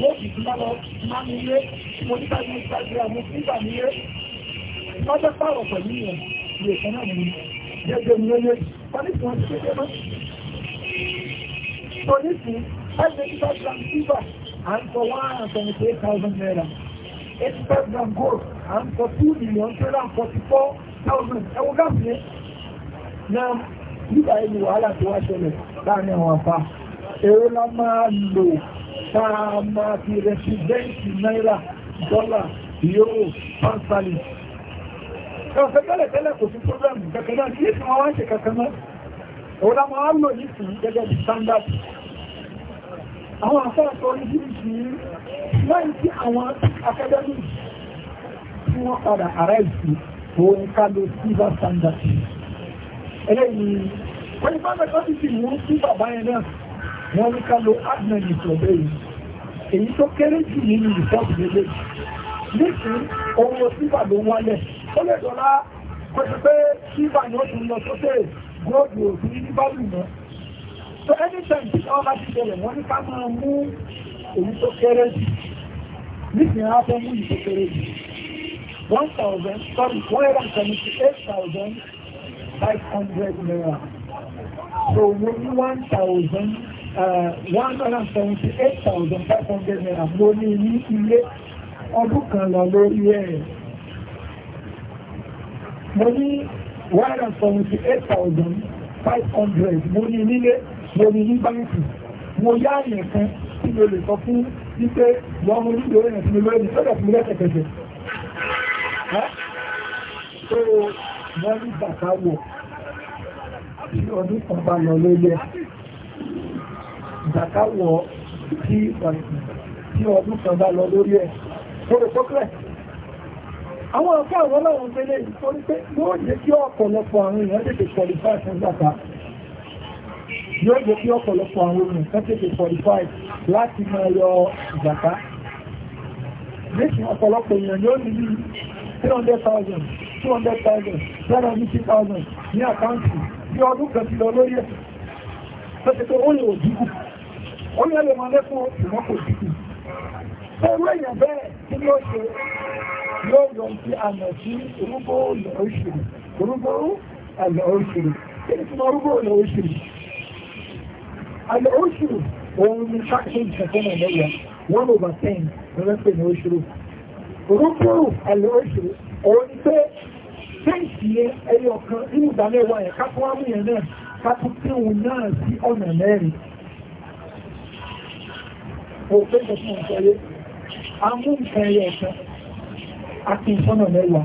Speaker 1: mo sì ti lọ máa mi yé mo ní bá yẹn gbàgbé àmú nígbà mi yé lọ́jọ́ pààrọ̀ pẹ̀lú yẹn lè kan náà mú gẹ́gẹ́ mi yé wọ́n ní tiwọn ti kéde mọ́. sọ ní sí ẹgbẹ́ títà gram silver à ń sọ one hundred and twenty eight thousand naira eighty five gram gold à ń sọ two million three hundred and forty four thousand ẹ̀wọ̀n gáàsì yẹn. náà nígbà yẹn ni wàhálà ti wá ṣẹlẹ̀ láàrin àwọn àfa èrò la máa lò sáà máa fi rẹ̀sìdẹ́ǹtì náírà dọ́là yóò pánsalì ọ̀fẹ́ tẹ́lẹ̀ tẹ́lẹ̀ kò sí problem kẹ̀kẹ́ náà kí èsì wọn wá ń ṣe kẹ̀kẹ́ náà òun la máa ń lò ní sí gẹ́gẹ́ bí standard àwọn afẹ́ẹ̀kọ́ oríṣiríṣi lẹ́yìn tí àwọn akẹ́dẹ́mì tí wọ́n padà ààrẹ ìsìn standard eléyìí wọ́n ni bá mẹ́kọ́ sí ti mú sí bàbá yẹn wọ́n ní ká lo admin ìtọ̀bẹ̀ yìí èyí tó kéré jù nínú ìfọ́ọ̀bù lélẹ̀ nísìn ohun òsínbà ló wálẹ̀ ó lè dọ́lá kó ti pé síbà ni ó ti lọ sókè góòlù òfin ní báàlù mọ́ so anytime tí wọ́n bá ti bẹ̀rẹ̀ wọ́n ní ká máa mú èyí tó kéré jù nísìn á fẹ́ mú èyí kéré jù one thousand sorry one hundred and seventy eight thousand five hundred naira so wọ́n ní one thousand. 178,500 uh, naira mo ní ní ilé ọdún kan lọ lórí ẹ̀ mo ní 178,500 mo ní nílé mo ní ní báńkì mo yá àyẹ̀ kan tí mo lè sọ fún wípé wọ́n mo nílò ẹ̀yẹ̀ tí mo lórí ní sọ́dọ̀ fún mi lẹ́sẹ̀kẹsẹ̀ tó wọ́n ní bàtà wọ̀ tí ọdún kan bá lọ lórí ẹ̀ ìgbàkáwọ̀ tí ọdún kan bá lọ lórí ẹ̀ lórí pọ́kẹ́lẹ̀ àwọn ọ̀fẹ́ àwọn ọlọ́run tẹ́lẹ̀ ìtorí yóò jẹ́ kí ọ̀pọ̀lọpọ̀ àwọn èèyàn tètè qualify fún zaka yóò jẹ́ kí ọ̀pọ̀lọpọ̀ àwọn èèyàn kan tètè láti máa yọ zaka lẹ́sìn ọ̀pọ̀lọpọ̀ èèyàn yóò ní bí 300,000 200,000 750,000 ní àkáǹtì bí ọdún kan ti lọ lórí ẹ̀ ṣe tó ó ní òjìkù ó ní ẹlẹ́mọ lẹ́kùn ìwọ́n kò sí ẹ̀rọ èèyàn bẹ́ẹ̀ tí ló ṣe yóò yọ sí àmì sí orúkọ ọ̀lẹ̀ òṣèré orúkọ ọ̀lẹ̀ òṣèré kí ni fún orúkọ ọ̀lẹ̀ òṣèré àlẹ̀ òṣèré òun ni ṣáṣe ìṣẹ̀fọ́nà lẹ́yà one over ten lọ́pẹ̀ ní òṣèré orúkọ ọ̀lẹ̀ òṣèré òun ni pé fẹ́ǹsì yẹn ẹyọ kan nínú ìdámẹ́wàá yẹn ká fún àmì yẹn náà kápútẹ́wò náà sí ọ̀nà mẹ́rin mo fẹ́ sọ fún ìṣẹ́lẹ̀ amú nǹkan ẹyẹ ọ̀kan àti ìṣọ́nà mẹ́wàá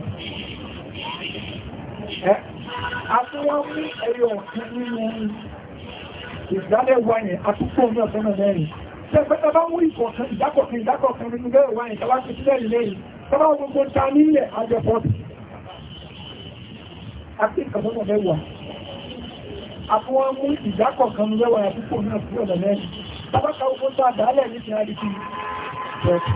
Speaker 1: àtúwọ́n mú ẹyẹ ọ̀kan nínú ìdálẹ́wà yẹn àtúkọ̀ ní ọ̀sán náà mẹ́rin tẹ́gbẹ́ta bá mú ìkọ̀ọ̀kan ìdákọ̀ọ̀kan ìdákọ̀ọ̀kan nínú mẹ́wàá yẹn tàbá ti sílẹ̀ lẹ́yìn tọ́bá gbogbo ta nílẹ̀ àjẹ́pọ̀tì àti ìkọ̀ọ̀kan mẹ́wàá àfọwọ́n mú ìdákọ̀ kan lẹ́wà àdúgbò náà sí ọ̀dọ̀ mẹ́rin tábàkà ogun tó àdálẹ̀ ní ti àríkì tọ́ọ̀tì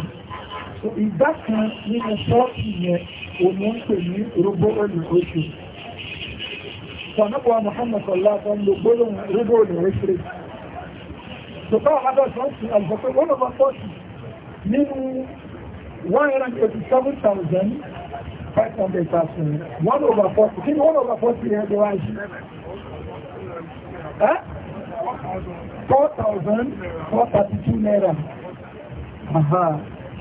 Speaker 1: so ìdá kan nínú tọ́ọ̀tì yẹn òun ń pè ní rúgbó olùkóṣù sọ̀nàbọ̀ Muhammad sọ̀lá tó ń lo gbólóhùn rúgbó olùkóṣù so báwọn adọ́sọ̀ ń sin àlùfọ́pẹ́ wọ́n lọ́pọ̀ tọ́ọ̀tì nínú 187,500,000 1 over 40 kí ni 1 over 40 yẹn lọ́wọ́ àìsí 4,432 naira. Aha.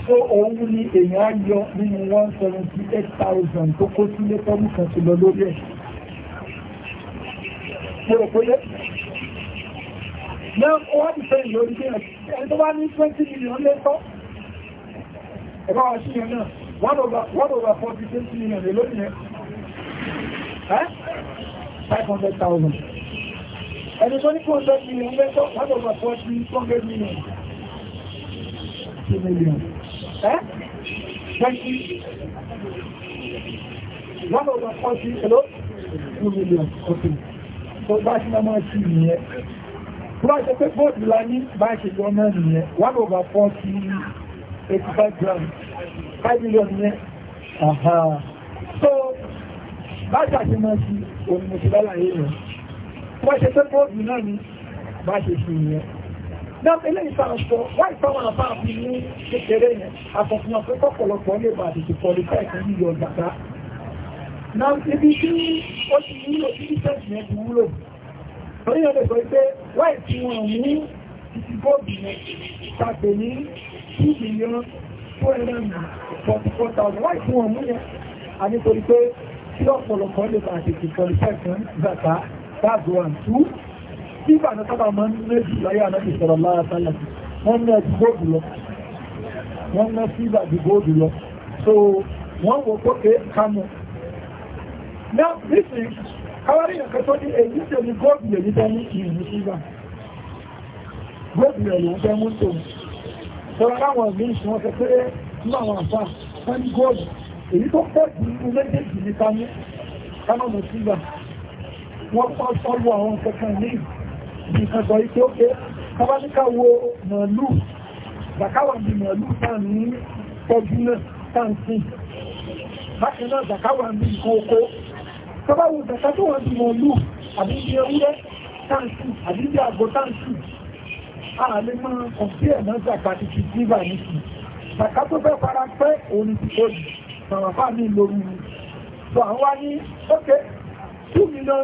Speaker 1: So òun ni èèyàn á yọ nínú 178,000 tó kó sí lé tọ́mù kan ti lọ lórí ẹ̀. Mo rò pé yẹ́. Náà ó wá dìfẹ́ ìlórí bí ẹni tó bá ní 20 million lé tọ́. Ẹ̀bá wa sí yẹn náà, 1 over 40 million lé lórí yẹn. 500,000 ẹni tó ní kó ṣe ti ilẹ̀ tó pàdọ̀gbà tó ti kọ́gbẹ́ mílíọ̀n tí mílíọ̀n ẹ́ ṣẹ́kí lọ́gbọ̀gbà tó ti ẹlọ́ tó mílíọ̀n ọ̀tọ̀ tó bá ṣe máa ti nìyẹn Bọ́n ṣe pé bóòdù la ní 85 grams, 5 million nìyẹn. Àhá. So, bá ṣàṣe máa ṣe òmìnira láyé rẹ̀ bá ṣe fẹ́ bóòdù náà ni bá ṣe fi ìyẹn náà ilé ìsànṣọ wá ìtàwọn àbá àbí ní kékeré yẹn àfọ̀fìnà pé kọ́pọ̀lọpọ̀ lè bá àdìsí pọ̀lìfẹ́ ìkan yíyọ gbàgbá náà ibi tí ó ti wúlò tí ìfẹ́sì yẹn ti wúlò torí ọ̀dẹ̀ sọ pé wá ìtìwọ̀n ní ti bóòdù yẹn tàbí ní 2 million 244,000 wá ìtìwọ̀n mú yẹn ànítorí pé tí ọ̀pọ̀lọpọ̀ lè bá àdìsí pọ̀lìfẹ́ ìkan gbàgbá that's one two nígbà tó sábà máa ń méjì láyé ànábì sọ̀rọ̀ lára sálẹ̀ wọ́n ná wọ́n ná sílà ju góòdù lọ so wọ́n wò pókè kámú now this is káwárí nǹkan tó ní èyí tó ní góòdù lè ní dání ìlú sílà góòdù lè lòún fẹ́ mú tòun sọ̀rọ̀ láwọn ìlú ìṣẹ́ wọn fẹ́ pé nínú àwọn wọ́n ní góòdù ní kámú kámú wọ́n pọ́ sọ́lọ́ àwọn kẹkàn ní nǹkan sọ ike ókè tàbáṣíká wo màálù zakawa ní màálù tàn ní tọ́jú náà tàn sí bákan náà zakawa ní nǹkan oko tàbáwo zaka tó wà ní màálù àbí ní ewúrẹ́ tàn sí àbí ní àgbo tàn sí ààlẹ́ máa kàn sí ẹ̀nà zaka ti fi síbà ní sí zaka tó fẹ́ fara pẹ́ òun ti tó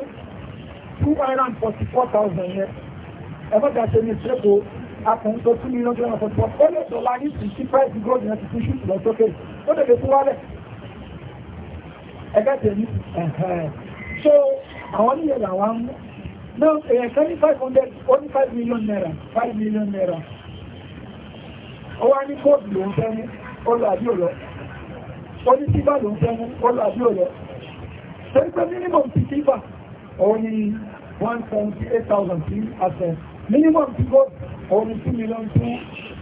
Speaker 1: two hundred and forty four thousand yẹn ẹgbẹ́ta ṣe ní ṣẹ́kọ̀ọ́ akùn tó two million two hundred and forty four ó lè dọ̀la ní sí sí price growth yẹn ti fi ṣùtù lọ sókè ó lè lè fún wálẹ̀ ẹgbẹ́ta ní so àwọn níyẹn làwọn á mú náà èèyàn kan ní five hundred ó ní five million naira five million naira ó wá ní kóòtù ló ń fẹ́ mú ó àbí òlọ ó ní tíbà ló fẹ́ mú ó àbí òlọ torí pé minimum ti tíbà Only 178,000 one seventy eight minimum tí ó òun ni million two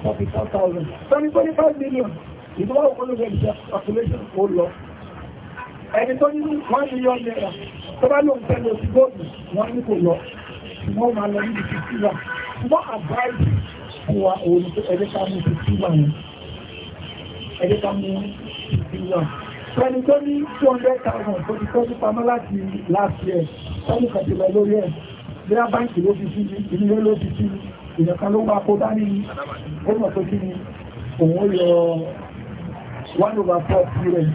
Speaker 1: forty four thousand twenty twenty five million ìjọba òkúlùgbẹ̀ ìjọ calculation ó lọ ẹni tó ní one million naira tó bá lóun tẹ́lẹ̀ sí góòlù wọn ní million lọ ṣùgbọ́n máa lọ níbi fifty-one ṣùgbọ́n advice fún wa òun tó ẹgbẹ́ ká mú fifty-one yẹn ẹgbẹ́ ká mú fifty-one twenty last year tẹ́lú lórí ẹ̀ bí báńkì ló fi sí ilé ló fi sí ìyẹn kan ló wá kó dání ó mọ̀ tó kí ni òun yọ one over four rẹ̀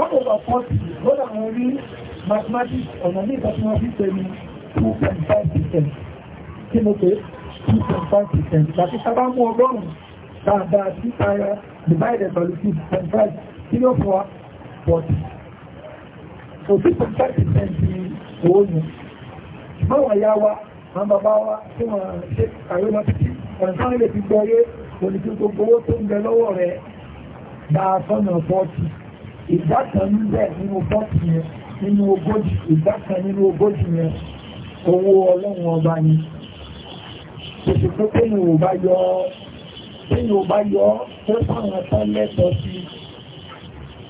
Speaker 1: one over four ó làwọn rí mathematics ọ̀nà ní ìtọ́jú wọn fi tẹ̀lé two point five percent kí mo pé two point five percent láti sábà mú ọgọ́rùn-ún dáadáa sí tayọ divided by two point five kí ló fọ́ forty kò sí kò fẹ́ ìfẹ́ǹtì owó ni ṣùgbọ́n wọ́n yá wa àwọn bàbá wa tí wọ́n ṣe àríwá títí ọ̀nà táwọn ilé fi gbọ́yé olùkí gbogbo owó tó ń bẹ lọ́wọ́ rẹ̀ dáa sọ́nà fọ́ọ̀tì ìdá kan ń bẹ nínú fọ́ọ̀tì yẹn nínú ogójì ìdá kan nínú ogójì yẹn owó ọlọ́run ọba ni oṣù tó kéyìn ò bá yọ kéyìn ò bá yọ ó fáwọn tán lẹ́tọ̀ọ́ sí i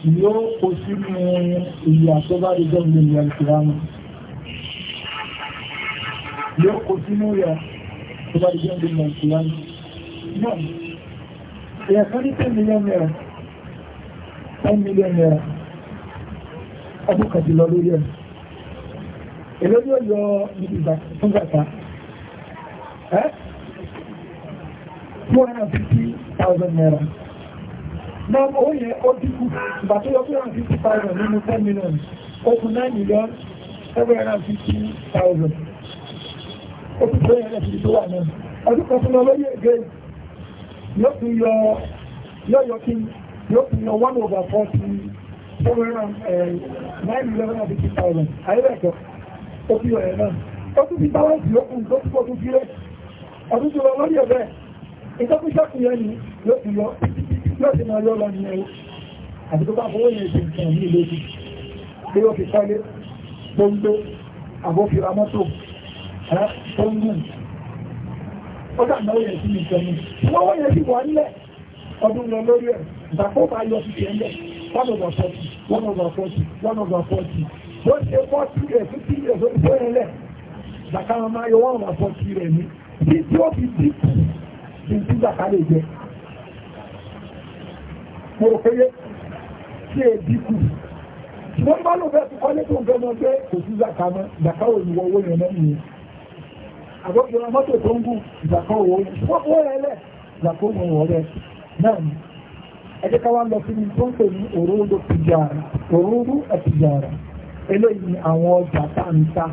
Speaker 1: yóò kó sínú ìyà tó bá rí jọ́gbìn ìyà ìkìyàmù yóò kó sínú ìyà tó bá rí jọ́gbìn ìyà ìkìyàmù náà èyà kan ní 10 million naira 10 million naira ọdún kàtí lọ lórí ẹ̀ èlé yóò yọ níbi fún gàtà ẹ́ 450,000 naira Now, ó yẹ ó dínkù, ìgbà tó yọ 255 nínú 10 million, Over 9 million 750,000. Ó ti tó yẹn lẹ́sìn tó wà náà. Ọdún kan fún lọ lórí èdè yóò fi yọ yọ kí yóò fi yọ 1 over 40 9 million 750,000. Àyẹ́bẹ̀ẹ́kọ̀, ó fi yọ ẹ̀ náà. Ó tún fi balance yókù tó tún pọ̀ tún fi rẹ̀. again, tó lọ lórí ẹ̀bẹ̀, ìtọ́kùnṣẹ́kù yẹn ni yóò fi yọ yóò ti máa lọ́lọ́ ní ẹ̀wọ́ àti tó bá fowó yẹn ṣe nǹkan ní ìlójú pé ó fi sáré gbóngbó àbófira mọ́tò tó ń gùn ó dà náà yẹn sí ní nǹkan ní wọ́n wọ́n yẹn sì wà nílẹ̀ ọdún lọ lórí ẹ̀ ìgbàpọ̀ bá yọ sí tiẹ̀ ńlẹ̀ one over forty one over forty one over forty bó ṣe forty rẹ̀ fifty rẹ̀ lórí tó yẹn lẹ̀ ìgbàkan máa yọ one over forty rẹ̀ ní tí tí ó fi dínkù ní tí ìgbàkan lè jẹ́ mo rò pé tí è dínkù ṣùgbọ́n bá ló fẹ́ fi kọ́lé tó ń fẹ́ mọ́ pé kò sí zaka mọ́ zaka ò ní owó yẹn náà nìyẹn àbọ̀bìnrin mọ́tò tó ń gùn zaka ò wọ́n ṣùgbọ́n owó rẹ̀ lẹ̀ zaka ò wọ́n rẹ̀ náà ni ẹ jẹ́ ká wá lọ sí ní tó ń pè ní òróró tìjàrà òróró ẹ̀tìjàrà eléyìí ni àwọn ọjà tá à ń ta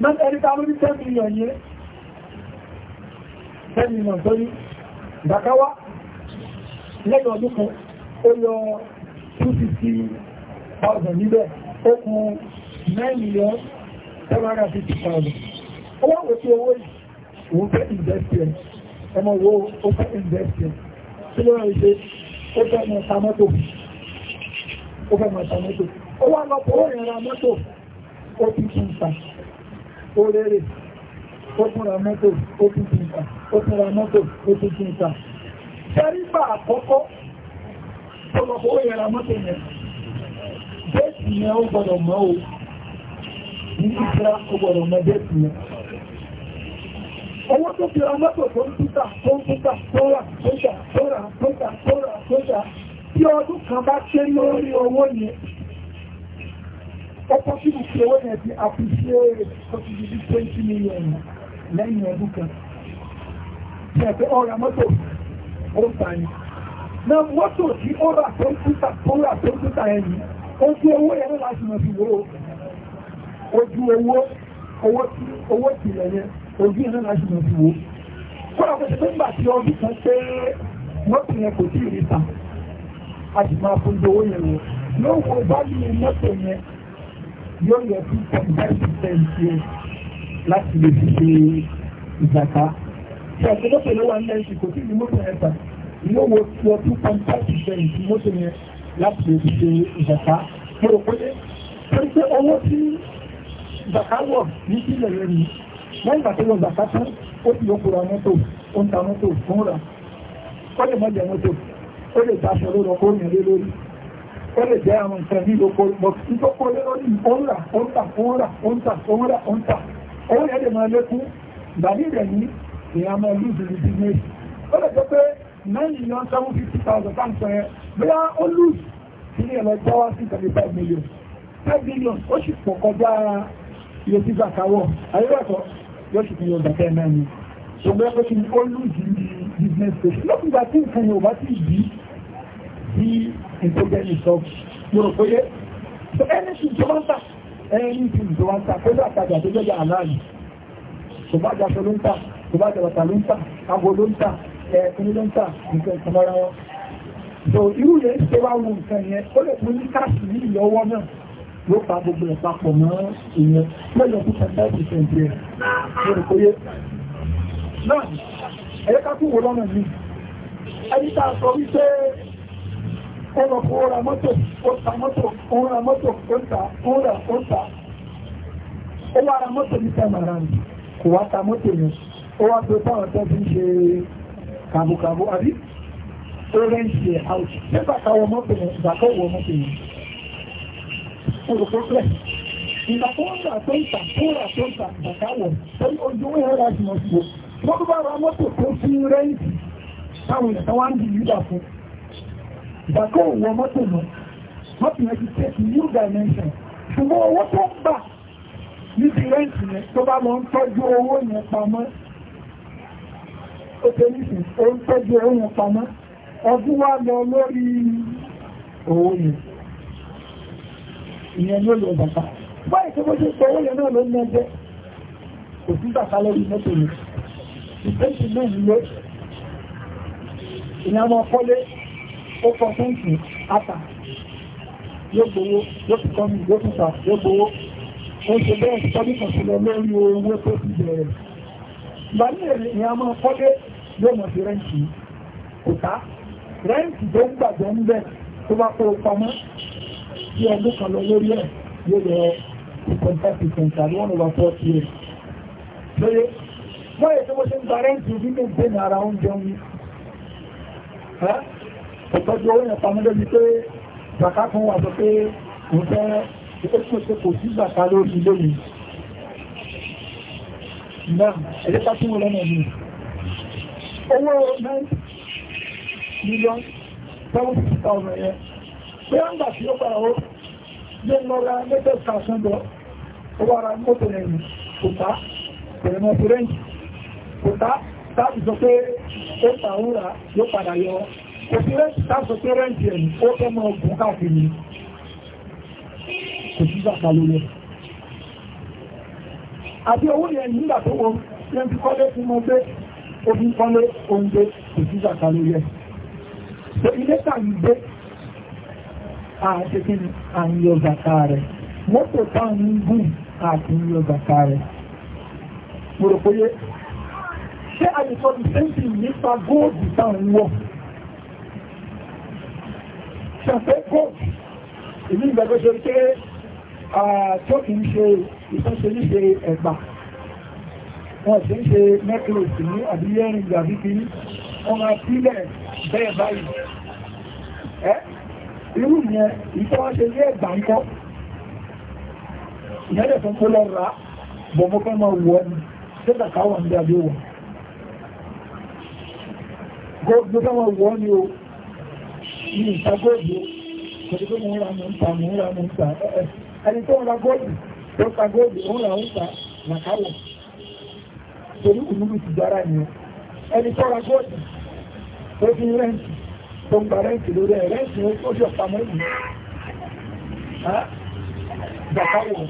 Speaker 1: náà ẹni tá ló ní lẹ́yìn ọdún kan ó yọ 250,000 níbẹ̀ ó kún 9 million 750,000 ó wá wò sí owó ìwò fẹ́ investor ẹmọ wo ó fẹ́ investor tí ló rẹ̀ ṣe ó fẹ́ mọ̀ ta mọ́tò ó fẹ́ mọ̀ ta mọ́tò ó wá lọ pọ̀ ó rẹ̀ ra mọ́tò ó tún tún ta ó rẹ̀ ó tún ra mọ́tò ó tún tún ta ó tún ra mọ́tò ó tún tún ta ṣẹ́rígbà àkọ́kọ́ tó lọ fowó yẹra mọ́tò yẹn déètì yẹn ó gbọ́dọ̀ mọ́ o ní ìfẹ́ ó gbọ́dọ̀ mọ́ déètì yẹn owó tó fi ra mọ́tò tó ń títà tó ń títà tó rà tó ṣà tó rà tó ṣà tó rà tó ṣà tí ọdún kan bá ṣe lórí owó yẹn ó sí ó ta ni na mọ́tò tí ó rà tó ń kúta tó rà tó ń kúta ẹ̀ ní ojú owó yẹn láti mọ̀ sí wo ojú owó owó tìlẹ̀ yẹn ojú yẹn láti mọ̀ sí wo kọ́nà kò sí pé nígbà tí ọdún kan pé mọ́tò yẹn kò tí ì rí a sì máa fún owó yẹn wọ yóò wọ báyìí ní mọ́tò yẹn yóò yẹ fún ten five percent láti lè fi ṣe ìjàkà ṣe àtẹlẹsẹ ló wà nílẹ̀ ìṣìkò tí ìlú mọ́tò ẹ̀ta yóò wo tí ọ two point five percent mọ́tò yẹn láti lè ṣe ìjàpá mo rò pé torí pé owó tí bàkà wọ̀ ní sílẹ̀ yẹn ni wọ́n ìgbà tó lọ bàkà tán ó ti lọ kóra mọ́tò ó ń ta mọ́tò fún ra ó lè mọ́jẹ mọ́tò ó lè ta aṣọ lórí ọkọ̀ òyìnbó lórí ó lè jẹ́ àwọn nǹkan ní ìlòkó ìtòkó lórí òǹrà òǹtà òǹrà òǹtà èèyàn máa lùzù ní business ó lè jẹ́ pé nine million seven fifty thousand pounds sọ yẹn bóyá ó lùzù sí ní ẹ̀rọ sí thirty five million five million ó sì pọ̀ kọjá iye tí zakawọ̀ ayélujáfọ́ yóò sì fi yọ zakẹ́ náà ni ṣùgbọ́n ó ti ó lùzù ní business case lọ́kùnrin àti nǹkan yóò bá ti bí sí ìtọ́jẹ́ ìṣọ́ọ̀bù mo rò pé yẹ so anything tó bá ń tà anything tó bá ń tà kó dà tajà tó jẹ́ àlàyé ṣùgbọ́n àjàṣọ ló ń tà tó bá jẹ́ bàtà ló ń tà ago ló ń tà ẹ̀ẹ́kùn ló ń tà nǹkan ìtàn mọ́ra wọn. so irú rẹ̀ ṣe wá wo nǹkan yẹn ó lè fún ní káàsì ní ìlọ́wọ́ náà ló pa gbogbo ẹ̀ papọ̀ mọ́ ìyẹn lọ́yọ̀ fún twenty percent rẹ̀ ló rò péye. náà ẹ̀yẹ́ ká tún wo lọ́nà mi ẹni tá a sọ wípé ọ̀rọ̀ kò ra mọ́tò ó ta mọ́tò ó ra mọ́tò ó ta ó ra mọ́tò ní ó wá pé fáwọn tó fi ń ṣe kàbùkàbù àbí ó rẹ́ǹtì ẹ̀ àwùjọ nígbà káwọn mọ́pìnrin ìgbà tó wọ mọ́pìnrin ó rò pé pẹ́ ìgbà tó ń rà tó ń tà tó rà tó ń tà bàtà wọ̀ tó ń ojú ẹ̀ rà sí mọ́tò wọ́n tó bá ra mọ́tò tó fi rẹ́ǹtì táwọn ìyàtọ̀ wá ń di yúdà fún ìgbà tó wọ mọ́tò náà mọ́pìnrin ti take new dimension ṣùgbọ́n owó tó ń gbà níbi rẹ́ǹtì yẹn tó bá lọ ń tọ́jú owó yẹn pamọ́ òtẹ́lìsì ó ń tọ́jú ohun pamọ́ ọdún wá lọ lórí òun ìyẹn ló lọ bàtà báyìí tó bó ṣe sọ owó yẹn náà ló ní ẹgbẹ́ kò sí bàtà lórí mọ́tò mi ìtẹ́sì náà ń lé ìyẹn ọmọ kọ́lé ó kọ fẹ́ǹsì ata yóò gbowó yóò fi kọ́ mi yóò fi ta yóò gbowó ó ṣe bẹ́ẹ̀ sọ́dún kan sílẹ̀ lórí owó tó ti bẹ̀rẹ̀ gbàlẹ́ ìyẹn ọmọ kọ́lé yóò mọ̀ sí rẹ́ǹtì kò tá rẹ́ǹtì tó ń gbàjọ ń bẹ̀ tó bá kó pamọ́ sí ọdún kan lọ lórí ẹ̀ yóò yẹ ìkọ̀ǹtà pìtàn tàbí wọn lọ́wọ́ fọ́ sí ẹ̀ lóye wọ́n yẹ tó bó ṣe ń gba rẹ́ǹtì bí mo gbé nara oúnjẹ mi ìtọ́jú owó yẹn pamọ́ lórí pé bàtà kan wà sọ pé òun fẹ́ ìpèsè pé kò sí bàtà owó ọdún mílíọ̀n 70,000 yẹn pé ń gbà tí ó bá ó lé mọ́ra lẹ́tẹ̀ sàṣọ́dọ̀ ó wára mọ́tò ẹ̀yìn kò tá pẹ̀lú ọ̀pọ̀ rẹ́ǹkì kò tá táàbì sọ pé ó ta ó rà yóò padà yọ kò sí rẹ́ǹkì táàbì pé rẹ́ǹkì ẹ̀yìn ó fẹ́ mọ́ ọkùn káàkiri kò sí bàtà lórí ẹ̀ àti owó yẹn nígbà tó wọ 20 kọ́lé fún mọ́ bẹ́ẹ̀ omi kọ́lé oúnjẹ òjíjà kan ló yẹ so ilé tà ń gbé àṣekí àyíyọ zàkà rẹ̀ mọ́tò tá ń gùn àti yíyọ zàkà rẹ̀ mo rò pé ṣé a lè sọ the same thing nípa góòdù tá ń wọ̀ ṣàfẹ́ góòdù èmi ìgbàgbọ́ ṣe ṣe ìtọ́ṣe wọ́n ṣe ń ṣe necklace ní àbíyẹ́rin gbàbí kí wọ́n máa sílẹ̀ bẹ́ẹ̀ báyìí ẹ́ irú yẹn ìtọ́ wọ́n ṣe ní ẹ̀gbà ń kọ́ ìyẹ́dẹ̀ tó ń kó lọ ra bọ̀ mo fẹ́ máa wọ́ ni ṣé kàkà wà ń dàbí wọ̀ góòdù fẹ́ máa wọ́ ni o ní ìta góòdù kò tó mú ra mú ta mú ra mú ta ẹni tó ń ra góòdù tó ta góòdù ó ń ra ń ta nàkáwọ̀ torí òmúlù ti dára ni ẹni tọ́ra góòdì tó fi rẹ́ǹtì tó ń gba rẹ́ǹtì lórí ẹ̀ rẹ́ǹtì ó jọ pamọ́ ìlú bàbáwò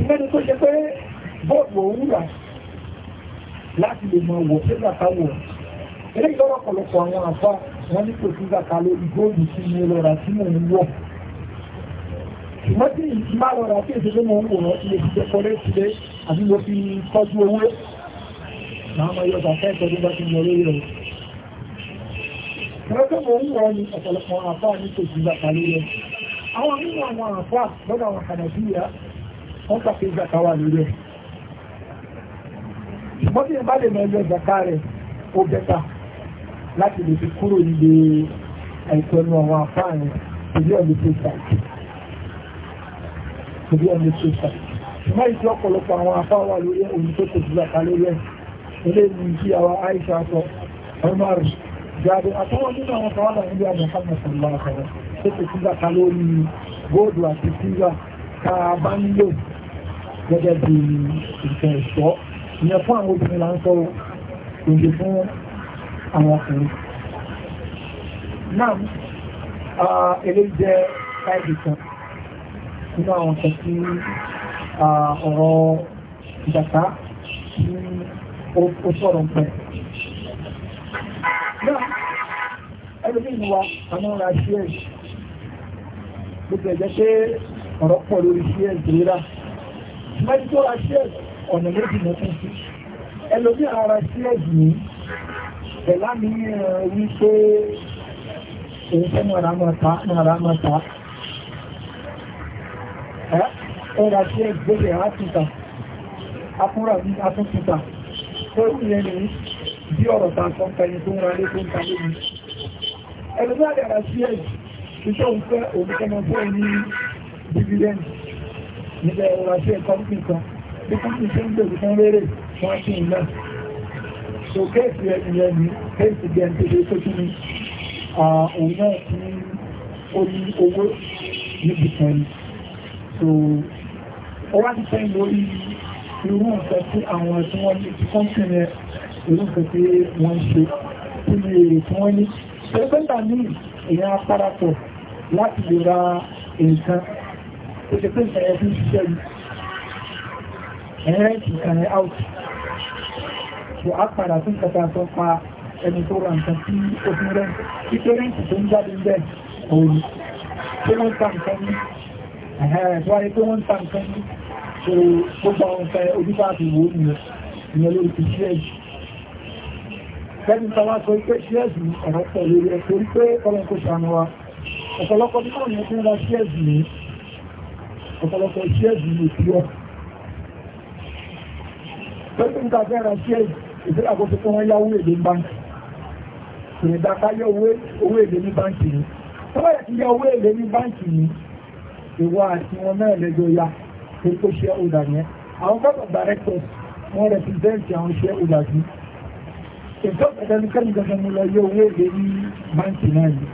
Speaker 1: ìgbẹ́ni tó jẹ pé bọ́ọ̀dù òun rà láti lè mọ̀ wò sí bàbáwò eléyìí lọ́rọ̀ pọ̀lọpọ̀ àwọn àfá wọn ní kò sí bàbá lórí góòdì sí mi lọ́ra sí mò wọ̀ ṣùgbọ́n tí ìgbà lọ́ra tí èsì tó mọ̀ ń wòrán ilé ìjẹ́ kọ́lé sílé àti mo fi tọ́jú owó láàmà yóò bá fẹ́ tọ́jú bá ti mọ̀ lórí rẹ̀ Ìrọ́tọ́ mọ̀ ń wọ́n ni ọ̀pọ̀lọpọ̀ àfá ní kò sí ìgbà kalé rẹ̀. Àwọn nínú àwọn àfá lọ́dọ̀ àwọn Kànàdíyà, wọ́n pàṣẹ ìgbà káwà lórí rẹ̀. Ṣùgbọ́n tí to be on the safe side ṣùgbọ́n ìtí ọ̀pọ̀lọpọ̀ àwọn afáwà lórí ohun tó kò sílẹ̀ kalẹ̀ rẹ̀ ilé ìlú kí àwọn Aisha sọ Umar jáde àtọwọ́ nínú àwọn kawàlà níbi àmọ̀kánà sọ̀rọ̀ àkàrà tó kò sílẹ̀ kalẹ̀ orí góòdù àti sílà ká bá ń lò gẹ́gẹ́ bí ìfẹ́ ìṣọ́ ìyẹn fún àwọn obìnrin nígbà àwọn ọ̀sẹ̀ tí ọ̀rọ̀ ìjàká ní ó sọ̀rọ̀ pẹ̀. Náà, ẹlòmí ìwà àwọn ọ̀rọ̀ àṣíẹ̀ gbogbo ẹ̀jẹ́ pé ọ̀rọ̀ pọ̀ lórí ṣíẹ̀ ìgbéra. Mẹ́jọ́ àṣíẹ̀ ọ̀nà méjì mẹ́kún sí. Ẹlòmí ara ṣíẹ̀ yìí pẹ̀lá mi wí pé òun fẹ́ mọ̀ra mọ̀ta mọ̀ra mọ̀ta ẹ̀rà tí ẹ gbẹ́gbẹ̀ àtúntà afúnra bí atúntà tó yẹ ní bí ọ̀rọ̀ ta sọ pẹ̀lú tó ń ra lé tó ń ta lórí ẹ̀rọ bá dàrà sí ẹ̀ iṣẹ́ òun fẹ́ òmìnkẹ́mọ́ fẹ́ ní dividend níbẹ̀ ẹ̀rọ sí ẹ̀ kọ́mpì kan bí kọ́mpì tó ń gbèrú kan rere wọ́n sì ń náà so kéèsì ẹ̀ ìyẹn ní kéèsì gẹ̀ǹtẹ̀lẹ́ tó kí ni òun náà so ó wá ti sẹ́yìn lórí irú nǹkan tí àwọn tí wọ́n ní ti kọ́ńtì rẹ̀ irú nǹkan tí wọ́n ṣe tí lè tí wọ́n ní pẹ́pẹ́ta ní èèyàn apárapọ̀ láti lè ra nǹkan ó ṣe pé ìṣẹ̀yẹ fún ṣiṣẹ́ yìí ẹ̀rẹ́ ìkàn ẹ̀ out so a padà fún kẹta tó pa ẹni tó ra nǹkan tí ó fún rẹ̀ kí pẹ́rẹ́ǹtì tó ń jáde bẹ́ẹ̀ òun tí wọ́n ta nǹkan ẹ̀hẹ́rẹ̀ tó wọ́n tàn kan ní ṣe gbogbo àwọn ọ̀fẹ́ ojúbá àti ìwò ní olórí ti ṣíẹ́jì tẹ́bí tàwà sọ pé ṣíẹ́jì ọ̀rọ̀ pọ̀ lórí ẹ̀ torí pé ọlọ́n kò ṣàánú wa ọ̀pọ̀lọpọ̀ bí káwọn ẹ̀kún ra ṣíẹ́jì ní ọ̀pọ̀lọpọ̀ ṣíẹ́jì ní ìpìlọ̀ tẹ́bí tàwà fẹ́ ra ṣíẹ́jì ìfẹ́ àkóso tó wọ́n yáwó èdè ní báńkì kò ìwọ àti wọn náà lẹ́jọ́ ya tó kó shareholder yẹn àwọn bàbá directors wọ́n represent àwọn shareholder yìí ìjọba ìdánilẹ́kẹ́ni gẹ́gẹ́ mú lọ yóò wé lè ní báńkì náà yìí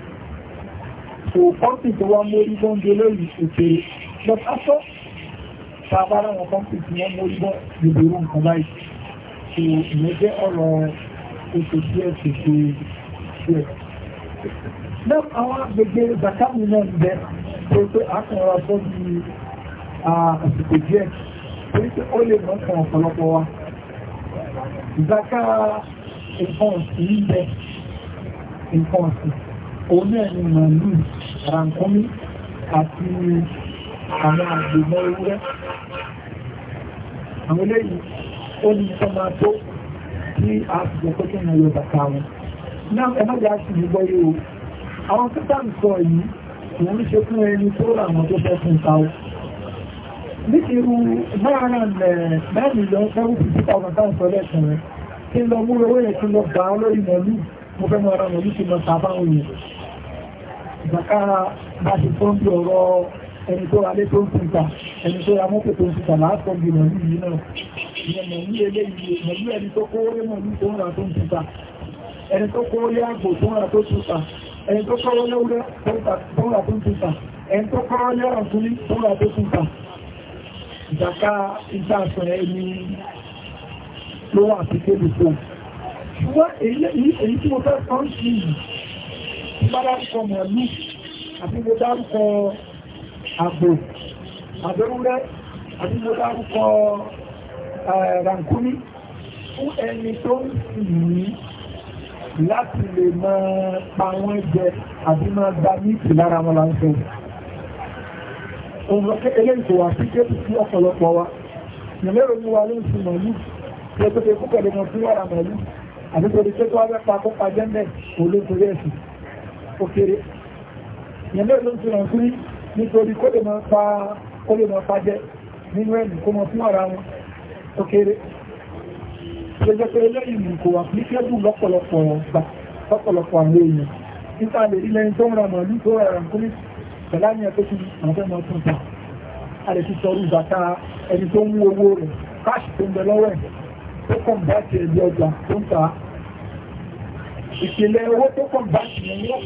Speaker 1: so kọ́mpì tó wá mórí bọ́ ń délé ìṣòkèrè but after tàbára wọn kọ́mpì tí wọ́n mórí bọ́ ìbèrú nǹkan báyìí so ìyẹn jẹ́ ọ̀rọ̀ ètò tí ẹ ṣètò ẹ̀ náà àwọn agbègbè bàtàmì náà ń pé pé akọ̀ra bọ́ bí àsìkò díẹ̀ pé pé ó lè mọ́ kan ọ̀pọ̀lọpọ̀ wa ìdáká nǹkan ọ̀sìn ń bẹ nǹkan ọ̀sìn òun náà ni màálù ràǹkọ́mí àti àwọn àgbèmọ̀ ewúrẹ́ àwọn eléyìí ó ní sọ máa tó kí a ti jẹ́ pẹ́kẹ́ ní ọyọ́ bàtà wọn náà ẹ̀mọ́jà sì ní gbọ́ yóò àwọn tó bá ń kò ń ṣe fún ẹni tó ràwọn tó fẹ́ fún ta ó ní ti rú márùn-ún mẹ́rin lọ fẹ́rù sí títà ọ̀nà táwọn sọ lẹ́sìn rẹ̀ kí n lọ mú owó yẹn kí n lọ gbà á lórí mọ̀lú mo fẹ́ mọ ara mọ̀lú kí n lọ sábà ń yẹn ìgbàká bá ti tó ń bí ọ̀rọ̀ ẹni tó kó orí àgbò tó ń ra tó ń fúnta ẹni tó kọ́rọ́ lẹ́wúrẹ́ tọ́lá tó ń tuta ẹni tó kọ́rọ́ lẹ́rọ̀ tó ní tọ́lá tó tuta ìjàká ìjà àṣọ̀rẹ́ ẹni ló wà sí kébù fún ṣùgbọ́n èyí tí mo fẹ́ kọ́ sí yìí tí bá dárúkọ mọ̀lú àti mo dárúkọ àgbò àbẹ́rúrẹ́ àti mo dárúkọ ràǹkúní fún ẹni tó ń sì yìí láti lè máa pa wọ́n jẹ àbí máa gba míìtì lára wọn láńfẹ́ òun lọ́kẹ́ eléyìí kò wá sí kéèkì sí ọ̀pọ̀lọpọ̀ wa ìlérò ní wa ló ń sin màálù tí ó tó ṣe púpọ̀ lè mọ̀ sí wàrà màálù àti torí pé tó wá fẹ́ pa kó pa jẹ́ńdẹ̀ kò ló torí ẹ̀sìn ó kéré ìyẹn ló ń sinà sí nítorí kó lè mọ̀ pa jẹ́ nínú ẹ̀mí kó mọ̀ sí wàrà wọn ó kéré gẹ́gẹ́ pé eléyìí kò wà ní kébù lọ́pọ̀lọpọ̀ ọ̀gbà lọ́pọ̀lọpọ̀ àwọn èèyàn nípa lè rí lẹ́yìn tó ń ra màálù tó ra ràǹkúrí pẹ̀lá ní ẹgbẹ́ tí wọ́n fẹ́ mọ́ tún ta a lè fi sọrú bàtà ẹni tó ń mú owó rẹ̀ káàṣì tó ń bẹ lọ́wọ́ ẹ̀ tó kàn bá ti ẹ̀bí ọjà tó ń ta ìpìlẹ̀ owó tó kàn bá ti yẹn yóò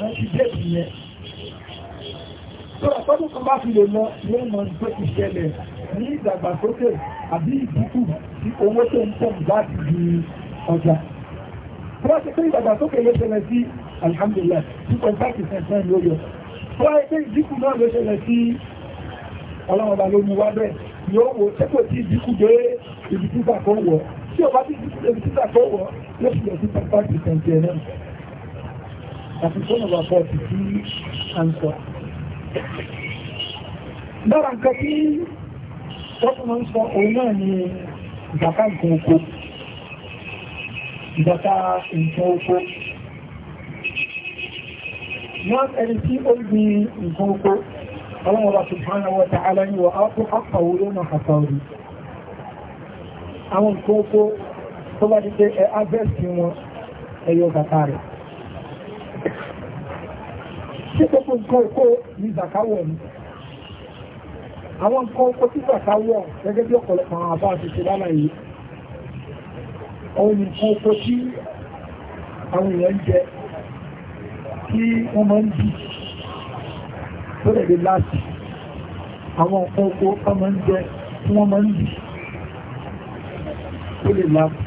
Speaker 1: rẹ̀ ti dé ìyẹn tó rà tọ́dún kan bá fi lè lọ yóò mọ àbí ìdàgbàsókè àbí ìdínkù sí owó tó ń pọ̀ láti di ọjà. Tó bá ti pé ìdàgbàsókè ló ṣẹlẹ̀ sí alhamdulillah two point five percent náà ló yọ. Tó bá ti pé ìdínkù náà ló ṣẹlẹ̀ sí ọlọ́mọba ló mú wá bẹ́ẹ̀ yóò wò ṣé kò tí ìdínkù dé ibi títà tó wọ̀. Tí o bá ti ìdínkù dé ibi títà tó wọ̀ yóò ṣẹlẹ̀ sí point five percent yẹn náà. Àti tó nàbà pọ̀ sí sí answer. Dára nǹkan tí tọ́kùnmọ́ ń sọ òun náà ni ìgbàká nǹkan oko ìgbàká nǹkan oko wọ́n ẹni tí ó gbí nǹkan oko ọlọ́wọ́ bá subhanahu wa ta'ala ni wà ápù àpàwò lónà àpàwò àwọn nǹkan oko tó bá ti pé ẹ ábẹ́ẹ̀sì wọn ẹyọ bàtà rẹ̀ tí gbogbo nǹkan àwọn nǹkan oko tí bàtà wọ̀ gẹ́gẹ́ bí ọ̀pọ̀lọpọ̀ àwọn àbá àti ṣe lálàyé ohun nǹkan oko tí àwọn èèyàn jẹ tí wọ́n máa ń bí tó lè láti àwọn nǹkan oko tó máa ń jẹ tí wọ́n máa ń bí tó lè láti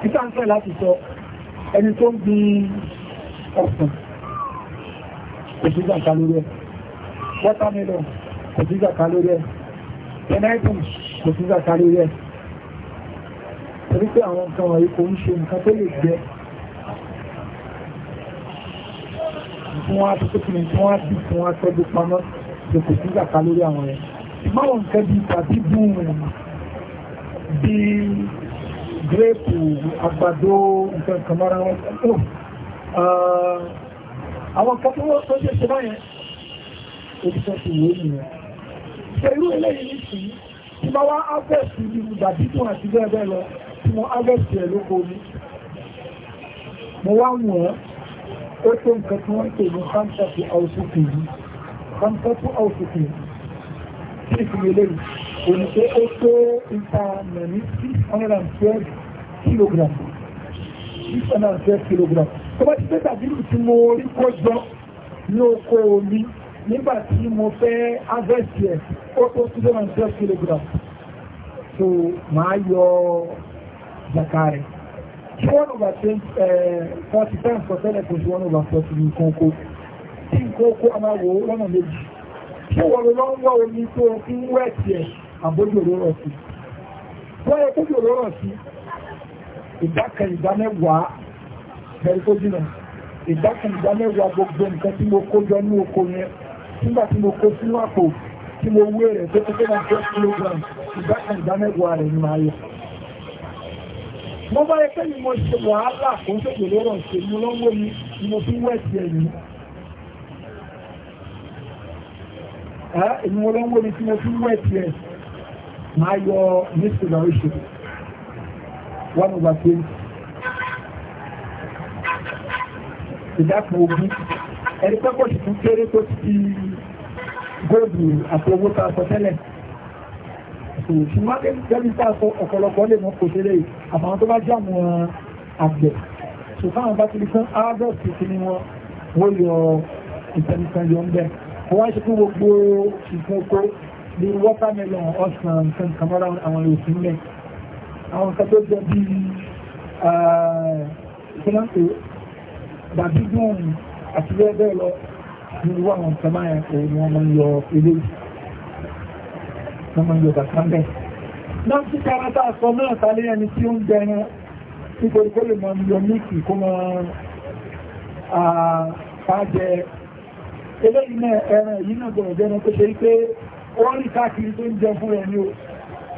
Speaker 1: títà ń fẹ́ láti sọ ẹni tó ń gbin ọ̀sán òṣìṣẹ́ àtàlórí ẹ̀ watermelon kò sí zaka lórí ẹ̀ pẹ̀nẹ́tùn kò sí zaka lórí ẹ̀ torí pé àwọn nǹkan wọ̀nyí kò ń ṣe nǹkan tó lè jẹ́ fún wa tó kí ni fún wa bí fún wa tọ́jú pamọ́ tó kò sí zaka lórí àwọn ẹ̀ máwọn nǹkan bí tàbí bùn bí gírèpù àgbàdo nǹkan kan mọ́ra wọn tó àwọn nǹkan tó wọ́n tó ṣe ṣe báyẹn ó ti fẹ́ ṣe pẹ̀lú eléyìí nìsí tí máa wá ágẹ́sì ní ìdàbídùn àti bẹ́ẹ̀bẹ́ẹ̀ lọ tí wọ́n ágẹ́sì ẹ̀ lóko ní mo wá ń wọ́n ó tó nǹkan tí wọ́n ń pè ní hamsatu ausukù yìí hamsatu ausukù tí ìfìlẹ̀ eléyìí kò ní pé ó tó ìta mẹ̀mí six hundred and twelve kilogram six hundred and twelve kilogram tó bá ti pé tàbílù tí mo rí kó jọ ní oko mi nígbà tí mo fẹ́ ágẹ́sì ẹ̀ ó tó 212 kg so máa yọ zaka rẹ̀ tí 1 over 20 40 times for tẹ́lẹ̀ kò sí 1 over 40 ní kókó tí kókó a máa wò ó lọ́nà méjì tí wọ́n lọ ń wá omi tó fi ń wẹ̀ tiẹ̀ àbójú òróró sí wọ́n yẹ kójú òróró sí ìdákan ìdámẹ́wàá bẹ̀rẹ̀ tó jìnà ìdákan ìdámẹ́wàá gbogbo nǹkan tí mo kó jọ ní oko yẹn nígbà tí mo kó sínú àpò tí mo wé rẹ̀ tó tẹ́tẹ́ náà tó kilogram ìgbàkan ìdámẹ́wàá rẹ̀ ní máa yẹ. mo bá yẹ pé ni mo ṣe wàhálà kó ń tètè lọ́rọ̀ ṣe mo lọ́wọ́ mi ni mo fi wẹ̀sì ẹ̀yìn. èmi mo lọ́wọ́ mi tí mo fi wẹ̀sì ẹ̀ máa yọ nísìlẹ̀ lọ́wọ́ ìṣèlú one over twenty. ìdákan ogún ẹni pẹ́pọ̀ sì tún kéré tó ti góòdù àti owó tá a sọ tẹ́lẹ̀ òṣù mákẹ́ gẹ́bí tá a sọ ọ̀pọ̀lọpọ̀ lè mọ́ kò tẹ́lẹ̀ àbáwọn tó bá jẹ́ àwọn àgbẹ̀ tó fáwọn bá ti rí fún ágọ́ọ̀sì kí ni wọ́n wọ́n yọ ìtẹnìkan yọ ń bẹ́ wọ́n wá ṣe fún gbogbo ìfún oko bí watermelon ọ̀sán nǹkan kàmọ́ra àwọn òṣù ń bẹ́ àwọn nǹkan tó jẹ bí ìfúnnáńtò ah, dàbí àti bẹ́ẹ̀ lọ irú àwọn nǹkan máa ń pè ní wọ́n máa ń yọ ilé wọ́n máa a sọ náà tálé ẹni tí ó ń jẹ yẹn nítorí kó lè máa ń yọ míìkì kó máa àpájẹ eléyìí náà ẹran yìí náà gbọ̀rọ̀ jẹ́ rí káàkiri tó ń jẹ fún rẹ̀ o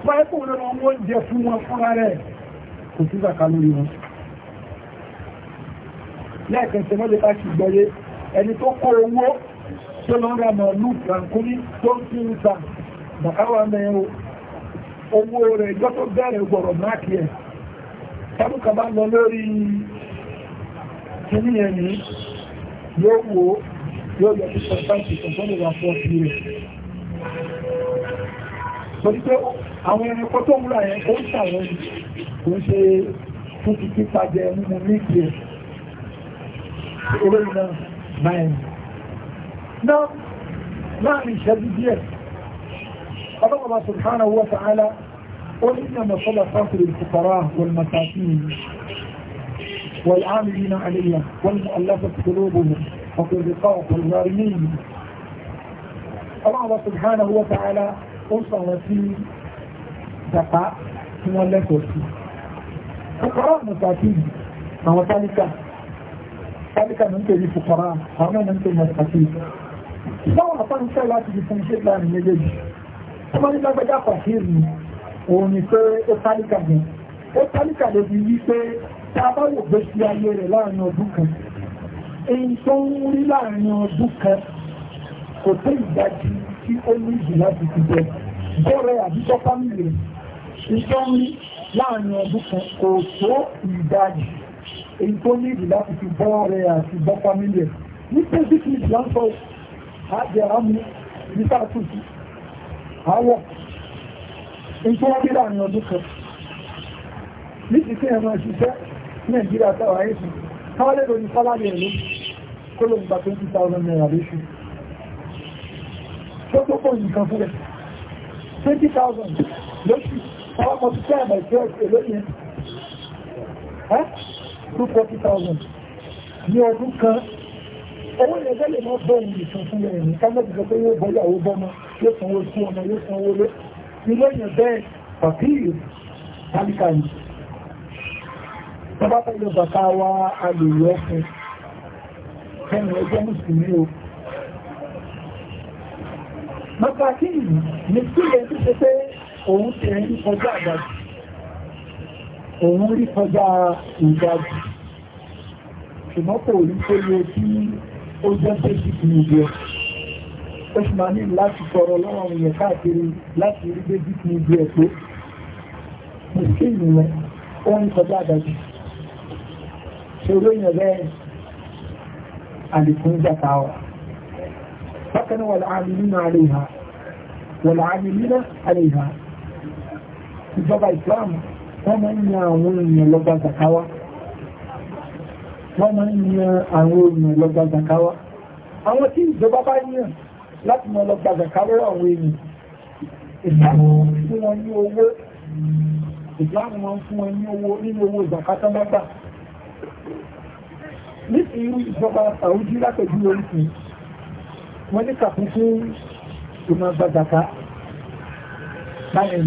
Speaker 1: pẹ́ẹ̀kù lọ́nà wọ́n jẹ fún wọn fúnra rẹ̀ kò sí zàkà lórí wọn lẹ́ẹ̀kan tẹ́mọ́lẹ́ká ṣùgbọ́yé ẹni tó kó owó tó lọ ra màálù frankuni tó ń fi ń ta bàkáwà mẹ́rin owó rẹ̀ ìjọ tó bẹ̀rẹ̀ gbọ̀rọ̀ máàkì ẹ̀ tàbùkà bá lọ lórí kìíní ẹni yóò wo yóò yọ sí sọ̀tàǹtì sọ̀tàǹtì fọ́ sí rẹ̀ torí pé àwọn ẹranko tó múra yẹn ó ń ṣàwọn kò ń ṣe fún títí pàjẹ́ mímú ní ìgbẹ́ olóyìn náà báyìí náà láàrin ìṣẹ́jú díẹ̀ ọlọ́pàá subhanahu wa ta'ala ó ní ìnà mọ̀sọ́lá sáfìrì ìfukara wọn masakin والعاملين عليها والمؤلفة قلوبهم وفي الرقاق والغارمين الله سبحانه وتعالى أصل في دقاء ثم لك وفي فقراء مساكين وذلك sáríkà ní ń pè ní fukara àwọn náà ń pè ní àti báwọn àpá ń fẹ́ láti di fún iṣẹ́ láàrin méjèèjì tó bá o lágbẹ́jà fàṣír ni òun ni pé ó sáríkà ni ó sáríkà ló fi wí pé tá a bá wò gbé sí ayé rẹ̀ láàrin ọdún kan èyí tó ń rí láàrin ọdún kan kò tó ìdájí tí ó ní ìjì láti fi èyí tó ní ìdí láti fi bọ́ rẹ̀ àti bọ́ fámílì ẹ̀ ní pẹ́sìkì ìdánsọ àjẹ́ àmú ní sáàtùsì àwọ̀ èyí tó wọ́n bí láàrin ọdún kan ní ti fẹ́ ẹ̀rọ ìṣiṣẹ́ nàìjíríà tàwà èsì káwálẹ̀ lórí sálárì ẹ̀lú kó ló gba 20,000 naira lóṣù tó tó pọ̀ nǹkan fún ẹ̀ 20,000 lóṣù ọwọ́ mọ̀ sí 10 by 12 èlóyìn ẹ́ two forty thousand ní ọdún kan owó ìrẹ́jẹ́ lè mọ́ bọ́ọ̀lù ìsìn fún rẹ̀ ní kámẹ́tì sọ pé yóò bọ́jà owó bọ́mọ yóò sanwó sí ọmọ yóò sanwó lé ilé yẹn bẹ́ẹ̀ pàpíìlì tálíkà yìí tọ́bá tẹ́lẹ̀ bàtà wa alòrò ọkùn ẹni ẹjọ́ mùsùlùmí o mọ́tàkì ní sílẹ̀ tí ṣe pé òun tẹ̀ ń kọjá àgbàjì òun rí kọjá ìdájú ṣùgbọ́n kò rí pé yẹ kí ó jẹ́ pé sí kì í jẹ ó sì máa ní láti tọrọ lọ́wọ́ èèyàn káàkiri láti rí pé sí kì í jẹ pé mo kí ìrìnlẹ̀ ó ń kọjá àdájú ṣòro èèyàn bẹ́ẹ̀ àlékún jàkà wa bákan náà wal-'amilina 'alayha wal-'amilina 'alayha ìjọba ìsìláàmù wọ́n máa ń yan àwọn èèyàn lọ́gbà zakawa wọ́n máa ń yan àwọn èèyàn lọ́gbà zakawa àwọn tí ìjọba bá yàn láti mọ lọ́gbà zakawa àwọn èèyàn ìsìláàmù fún wọn ní owó ìsìláàmù wọn fún wọn ní owó nínú owó zakata mọ́gbà ní irú ìjọba Saudi látọ̀jú orísun wọ́n ní kàkún fún ìmọ̀ gbàgbàká báyẹn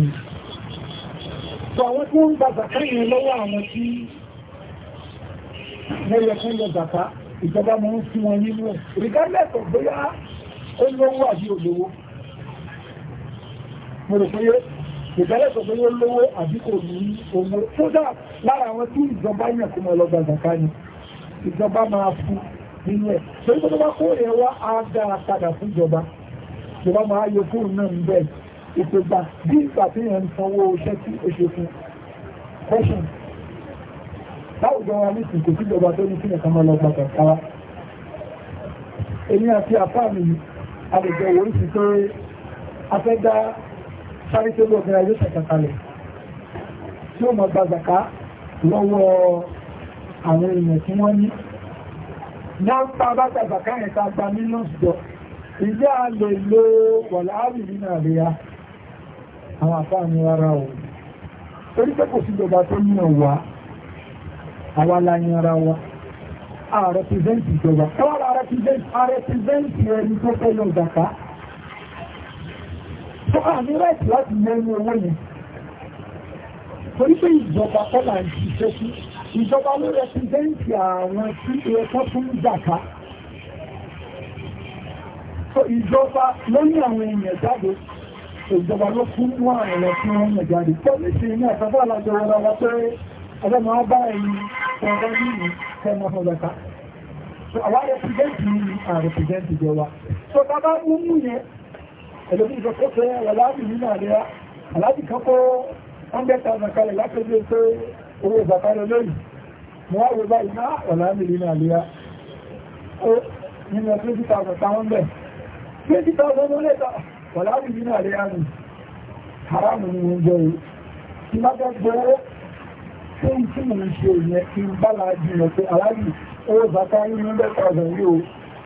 Speaker 1: sọ àwọn tí wọ́n ń gba zàká yẹn lọ́wọ́ àwọn tí wọ́n yẹ fún lọ zàká ìjọba mọ́ ń fún wọn nínú ẹ̀ regardless of bóyá ó lówó àbí olówó mo rò pé regardless of bóyá ó lówó àbí kò ní owó tó dà lára àwọn tí ìjọba yẹn kó mọ́ lọ gba zàká ni ìjọba máa fún nínú ẹ̀ torí pé tó bá kó ẹ̀ wá á dára padà fún ìjọba ìjọba máa yọ fóònù náà ń bẹ́ẹ̀ ìpègbà bí ìgbà tí yẹn ń sanwó iṣẹ́ tí ó ṣe fún question láwùjọ wa ní ìsìnkú síjọba tó ní sílẹ̀ kan máa lọ gbàgbà kára èmi àti àpá mi àgbègbè orí ti pé a fẹ́ dá charitable organization kankanlẹ̀ tí ó mọ̀ gbàgbàká lọ́wọ́ àwọn èèyàn tí wọ́n ní náà pa bá gbàgbàká yẹn ta gba millions jọ ilé a lè lo wàláàrí nínú àríyá àwọn àfáà ní rárá o torí pé kò sí ìjọba tó ní ọ̀wà àwa la ara wa a represent ìjọba a represent ẹni tó fẹ́ lọ zaka tó a ní right láti yan ẹni owó yẹn torí pé ìjọba kọ́ là ń ṣiṣẹ́ sí ìjọba ló represent àwọn tí ẹ fún zaka so ìjọba ló ní àwọn èèyàn jáde ìjọba ló fún wà ẹ̀rọ tí wọ́n mọ̀ jáde pọ́lísì ní àtàbà alájọ wọn wá pé ọlọ́mọ bá ẹ̀yìn ọ̀rọ̀ nínú kẹmọ ọ̀dọ̀ta so àwa rẹpìdẹ́ntì ní àrẹpìdẹ́ntì jọwa so bàbá mú mú yẹn ẹ̀lẹ́bí ìjọ tó fẹ́ aláàbì nínú àríyá aláàbì kan kó 100,000 kalẹ̀ látọ́jú pé owó bàbára lónìí mo wá wọ báyìí náà ah, aláàbì nínú àríyá nínú 20,000 táwọn bẹ̀ 20,000 lẹ́ta Wàláwì yìí náà rí àmì, haramu ni mo jẹ́ yìí. Tí bá fẹ́ gbowó, ṣé n tí mo ń ṣe ìyẹn kí n bá la jìnà pé aláàbì owó zaka yín ní bẹ́ẹ̀ ọ̀dọ̀ yìí o.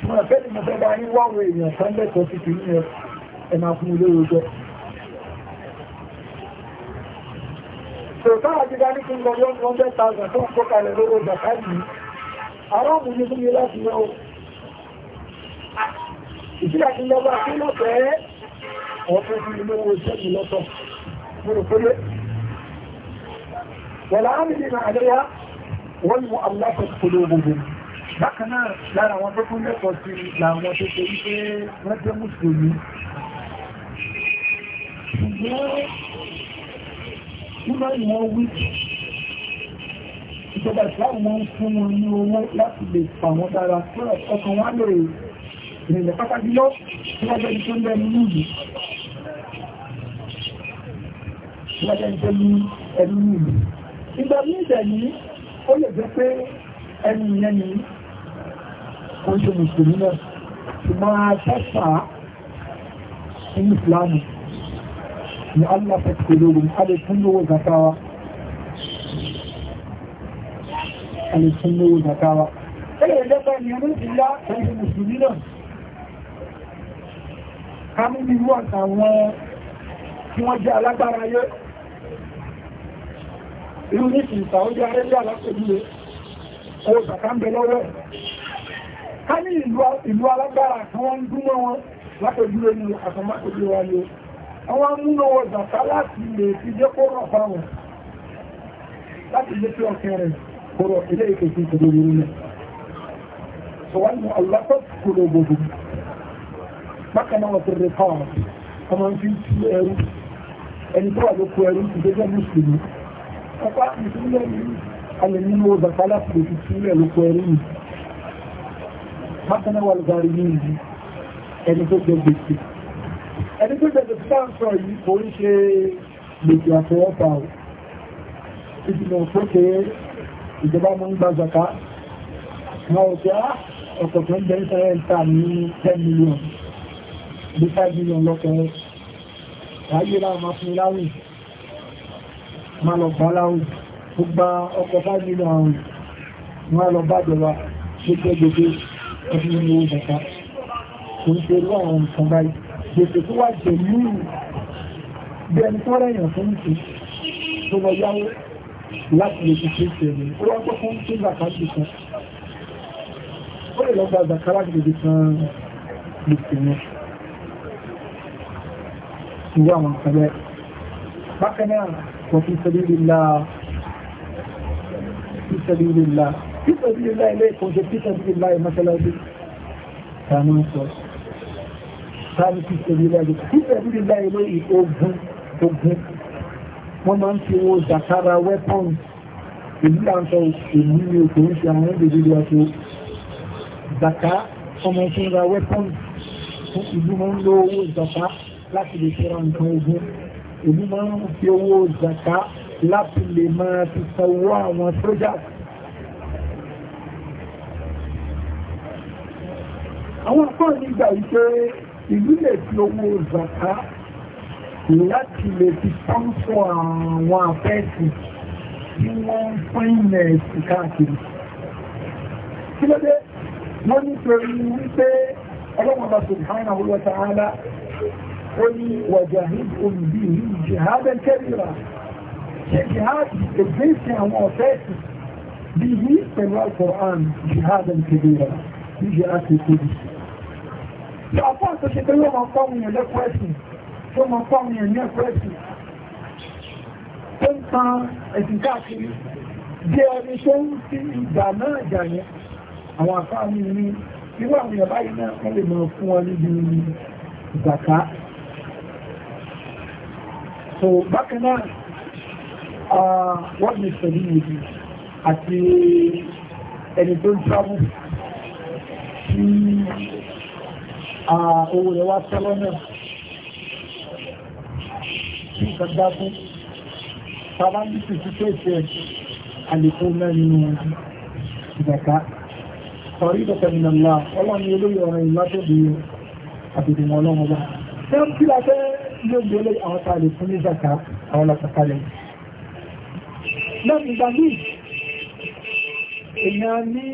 Speaker 1: Mo rẹ̀ fẹ́ ni mo fẹ́ bá yín wáwo èèyàn kan lẹ́kọ̀ọ́ sí kìí kí ló fẹ́ẹ́ àwọn tó fi olówó iṣẹ́ yìí lọ́tọ̀ mo rò pé wọ̀lá ámìlì náà àdéyá wọ́n mú aláfẹ́ olóògbogbo bákan náà lára àwọn tó kún lẹ́kọ̀ọ́ sí làwọn tó ṣe wípé wọ́n jẹ́ mùsùlùmí ṣùgbọ́n nígbà ìwọ̀n wí ìjọba ìsìláàmù wọn fún wọn ní owó láti lè fà wọn dára fún ọkàn wọn lè rìnlẹ̀ pátájúlọ́ tí wọ́n jẹ́ ìṣẹ́ lẹ́nu yìí lọ́dẹ́jẹ́ ní ẹ̀rú ìlú ìgbà ní ìdẹ̀ yìí ó lè jẹ́ pé ẹni ìyẹn ni ó ṣe mùsùlùmí náà ṣùgbọ́n àtẹ́sà inú ìsìlámù ni allah fẹ́kẹ̀lẹ̀ ogun alẹ́kúnlówó zakawa alẹ́kúnlówó zakawa ẹ̀rẹ̀ ẹ̀lẹ́fẹ́ ni ọdún ìlá ẹ̀rẹ́ mùsùlùmí náà ká mú wọ́n jẹ́ alágbára yóò inú ní kìí Saudi Arabia alápẹ̀lúwẹ̀ owó sàkà ń bẹ lọ́wọ́ ẹ̀ ká ní ìlú alágbára kan wọ́n ń dúnmọ́ wọn lápẹ̀lúwẹ̀ ní àtàmápẹ̀lúwẹ̀ wa ni àwọn amúnáwọ̀ sàkà láti lè fi jẹ́ kó rọ̀ fáwọn láti jẹ́ kí ọkẹ́ rẹ̀ kó rọ̀ ilé ìkẹ̀kẹ́ ìkẹ̀kẹ́ lórí rẹ̀ wọ́n mú alápẹ̀ kúrò gbogbo bákanáà wọ́n ti rẹ̀ fáwọn ọmọ fi ẹrú ẹni tó wà lóko ẹrú ìgbẹ́jọ́ mùsùlùmí ọpá ìsúnlẹ̀ yìí alẹ́ nínú ọgbàtà láti lè fi sílẹ̀ lóko ẹrú yìí bákan náà wà lùgbàrí yìí ẹni tó jẹ gbèsè ẹni tó jẹ gbèsè tá ń sọ yìí kò ń ṣe gbèsè àtọwọ́pà ò ìdìmọ̀ òfókè ìjọba mọ́ ń gba zaka wọn ò fẹ́ ọkọ̀ tó ń jẹ́ ìṣẹ́rẹ́ ìta ní 10 million bí 5 million ráyé láwọn fún láwìn má lọ bá láhùn ó gba ọkọ̀ bá nínú àrùn má lọ bá jọba gbogbo gbogbo ọdún nínú ìjọba kò ń ṣe lọ àwọn nǹkan báyìí gbèsè tó wà jẹ lúù bí ẹni tó rẹ̀yàn fún ìṣe tó lọ yáwó láti lè fi ṣe ìṣe rẹ̀ ó wá gbọ́ fún ṣe zàkà ṣe kan ó lè lọ gba zàkà láti lè fi kan gbèsè yẹn ìwé àwọn nǹkan bákan náà wọ́n fi sabilillah fi sabilillah fi sabilillah ilé ìkọ̀ọ́ṣe fi sabilillah ìmọ́sálásí tàbí sọ tàbí fi sabilillah fi sabilillah ilé ìkọ̀ọ́gùn ogun wọ́n máa ń fi wo zakara weapons èyí àǹtọ̀ èyí ni òkè ń ṣe àwọn èdè ìlú ọ̀tọ̀ zaka ọmọ ìṣẹ́ra weapons fún ìlú máa ń lo owó zaka láti lè ṣẹ́ra nǹkan ogun èmi máa ń fi owó zaka láti lè máa fi sanwó àwọn sójà àwọn kan nígbà wípé ìlú lè fi owó zaka láti lè fi pọ́ńpọ́ àwọn afẹ́sì tí wọ́n ń pín ilẹ̀ ẹ̀sìn káàkiri kí ló dé wọ́n nítorí wípé ọlọ́wọ́n bá sọ̀rọ̀ àwọn àwọn ọlọ́ta ó ní wàjáhìd olùbí jihad kẹ́bìrà ṣe jihad ìgbésí àwọn ọ̀fẹ́ẹ̀sì bí i pẹ̀lú alkùnrán jihad kẹ́bìrà bí i àti tóbi tí ọ̀pá tó ṣe pé yóò máa fọ́wọ́n yẹn lẹ́kọ̀ọ́ ẹ̀sìn tó máa fọ́wọ́n yẹn ní ẹ̀kọ́ tó ń tan ẹ̀sìn káàkiri bí ẹni tó ń fi ìgbà náà jà yẹn àwọn àfáà mi ní irú àwọn ìyàbá náà wọ́n lè máa fún wọn níbi ìgbàká so bákan náà wọ́n ní pẹ̀lú ìlú àti ẹni tó ń travel tí owó rẹ̀ wá tẹ́lọ́ náà tí ìkàgbá fún tàbá ní títí kéèkì ẹ̀ àlèkó mẹ́rin ìgbàká ọ̀rí ìdọ̀kẹ̀mìnà ńlá ọlọ́ni olóyè ọ̀rọ̀ ìlátọ́bí àbìdìmọ̀ ọlọ́mọba ló gbélé àwọn tá a lè fún ní zaka àwọn làkàkalẹ̀ náà nígbà míì èèyàn ní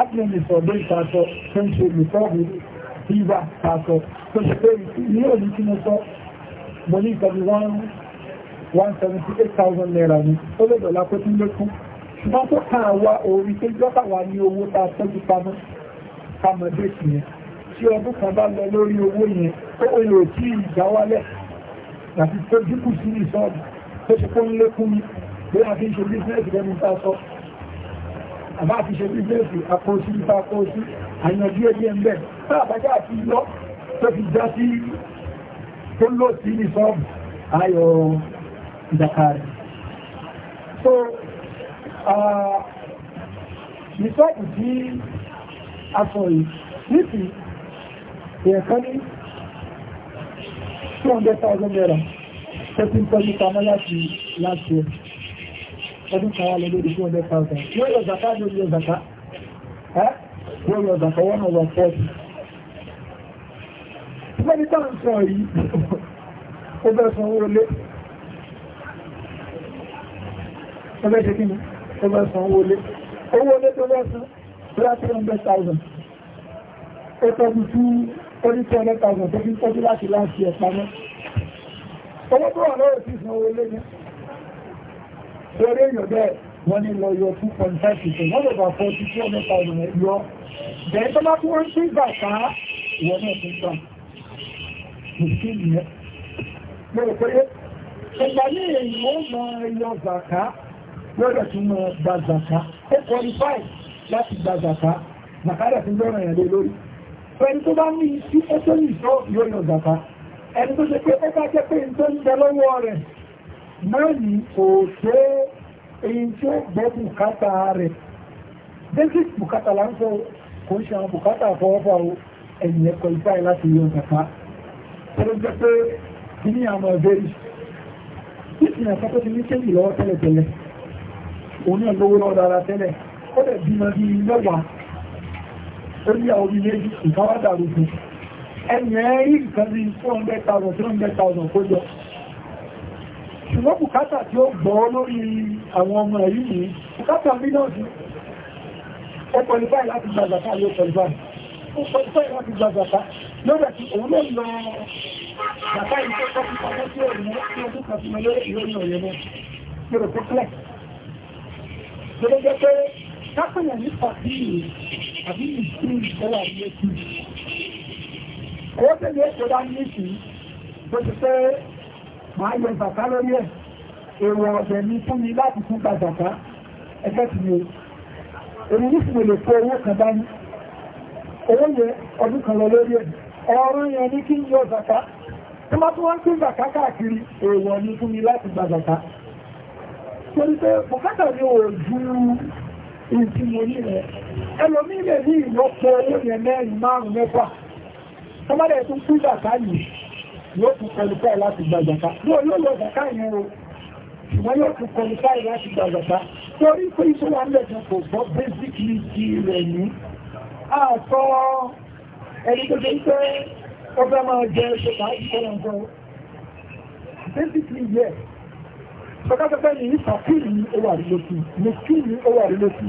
Speaker 1: adminis ọ̀dọ́ ìtàṣọ tó ń ṣe olùtọ́ọ̀bù bíbá tàṣọ tó ṣe pé ní òní tí mo sọ mo ní ìtọ́jú 178,000 naira ni ó lè dọ̀lá pé tí lékún ṣùgbọ́n tó kàn wá orí tó jọ́ta wà ní owó ta tọ́jú pamọ́ pamọ́ déètì yẹn tí ọdún kan bá lọ lórí owó yẹn tó o lò tí ìdáwálẹ̀ àti tó dínkù sí ìsọ́ọ̀dù tó ṣe kó ń lékún ní bí a fi ń ṣe bísínẹ́sì lẹ́nu tá sọ àbá fi ṣe bísínẹ́sì akóòsí nípa akóòsí àyàn ẹgbẹ́ ń bẹ̀ tá àbájá àti lọ tó fi já sí tó lò sí ìsọ́ọ̀dù ayọ̀ ìdàkárẹ̀ so ìsọ́ọ̀dù tí a sọ yìí nísìnyí èèyàn kan ní 200,000 naira tó ti ń tọ́jú pamọ́ láti láti ẹ̀ ọdún kan wà lọ lórí 200,000 yóò yọ zaka ní orí ọ̀zàká yóò yọ zaka wọ́n ọ̀rọ̀ fọ́ọ̀tì mẹ́ni tá ń sọ yìí ó bẹ́ẹ̀ san owó lé ó bẹ́ẹ̀ ṣe kí ni ó bẹ́ẹ̀ san owó lé owó lé tó bẹ́ẹ̀ san 300,000 ó tọ́jú 2 ó ní 200,000 tó fi tọ́jú láti láti ẹ̀ pamọ́ owó tó wà lọ́rọ̀ sí ìsan owó lẹ́yìn eré èèyàn bẹ́ẹ̀ wọ́n ní lọ yọ 2.5% wọ́n lọ bá 40,000 yọ bẹ̀rẹ̀ tó bá tún wọ́n sí ìgbà ká wọ́n náà tún gbà nìkí ìyẹn mo rò pé ẹgbà ní èyí ó mọ ẹyọ zàká lọ́dọ̀ tún mọ gba zàká ó qualify láti gba zàká zàká rẹ̀ tún lọ́rọ̀ yẹn lórí pẹ̀lú tó bá ní sí ẹjọ́ ìṣọ́ yóò yọ zàká ẹni tó ṣe pé ó bá jẹ́ pé ń tó ń jẹ lọ́wọ́ rẹ̀ náà ní kò tó èyí tí ó gbọ́ bùkátà rẹ̀ basic bùkátà là kò ń ṣe àwọn bùkátà àfọwọ́fà o ẹ̀yìn ẹ̀kọ́ ìfà ẹ̀ láti yọ zàká tó jẹ́ pé kí ní àwọn ẹ̀bẹ̀ rí ìsìn ẹ̀kọ́ tó ti ní kéjì lọ́wọ́ tẹ́lẹ̀tẹ́lẹ̀ òun ní ọlọ́wọ́ lọ́wọ́ dára oríyà orí méjì ìkáwádà rúgbù ẹ̀yẹ̀ rí nǹkan bí 400,000 300,000 kójọ ṣùgbọ́n bùkátà tí ó gbọ́ lórí àwọn ọmọ èyí ní bùkátà mílíọ̀nù ó pẹ̀lú báyìí láti gba zàká ló pẹ̀lú báyìí ó pẹ̀lú báyìí láti gba zàká lórí ti òun ló lọ zàká ìṣẹ́ kọ́kí pamọ́ sí òun tí ó tún kápẹ̀yàn ní pàdé àbí ìsú ìṣẹ́wà ní ẹkù owó tẹ́lẹ̀ ètò dá ní ìsú tó ti pé máa yọ ìbàká lórí ẹ̀ èrò ọ̀dẹ̀ ní fún mi láti fún gba ìbàká ẹgbẹ́ ti ní èmi ní sì lè kó owó kan dání owó yẹ ọdún kan lọ lórí ẹ̀ ọ̀rọ̀ yẹn ní kí yọ ìbàká tó má tó wọ́n pín ìbàká káàkiri èrò ọ̀dẹ̀ fún mi láti gba ìbàká torí pé bùkátà ni ò ju ìtí mo ní rẹ̀ ẹlòmílẹ̀ ní ìlọ́pọ̀ owó yẹn mẹ́rin márùn mẹ́fà tọ́mọ́dẹ̀ tún kú ìjàká yìí yóò tún kọlùkọ́ láti gbàjàká yóò yóò lọ jàká yẹn o ṣùgbọ́n yóò tún kọlùkọ́ láti gbàjàká torí pé iṣẹ́ wa ń lẹ̀jọ kò gbọ́ basic ti rẹ̀ ní àtọ́ ẹni tó ṣe pé ọgbẹ́ máa jẹ ṣe pàápàá Sọ́kọ́sọ́kọ́ ni fàkílì ó wà lókù, mùsùlùmí ó wà lókù.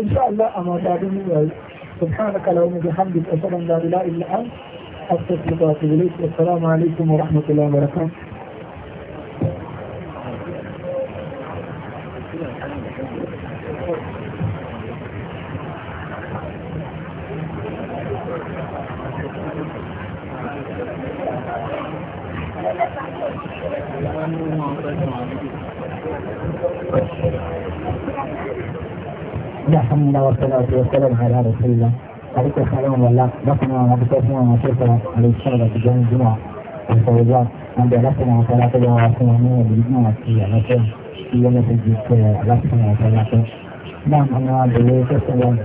Speaker 1: Insha Allah àmà bàbá mi wà yìí. سبحانك اللهم وبحمدك أشهد أن لا إله إلا أنت أستغفرك وأتوب إليك والسلام عليكم ورحمة الله وبركاته الحمد لله والصلاة والسلام على رسول الله عليك السلام والله لكم ومبتسمة ومشيكة على الشرب في جانب الجمعة والزوجات عند لكم وصلاة الله وعصمه بالجمعة في الأشياء في يوم الجيك لكم وصلاة نعم أنا بليك السلام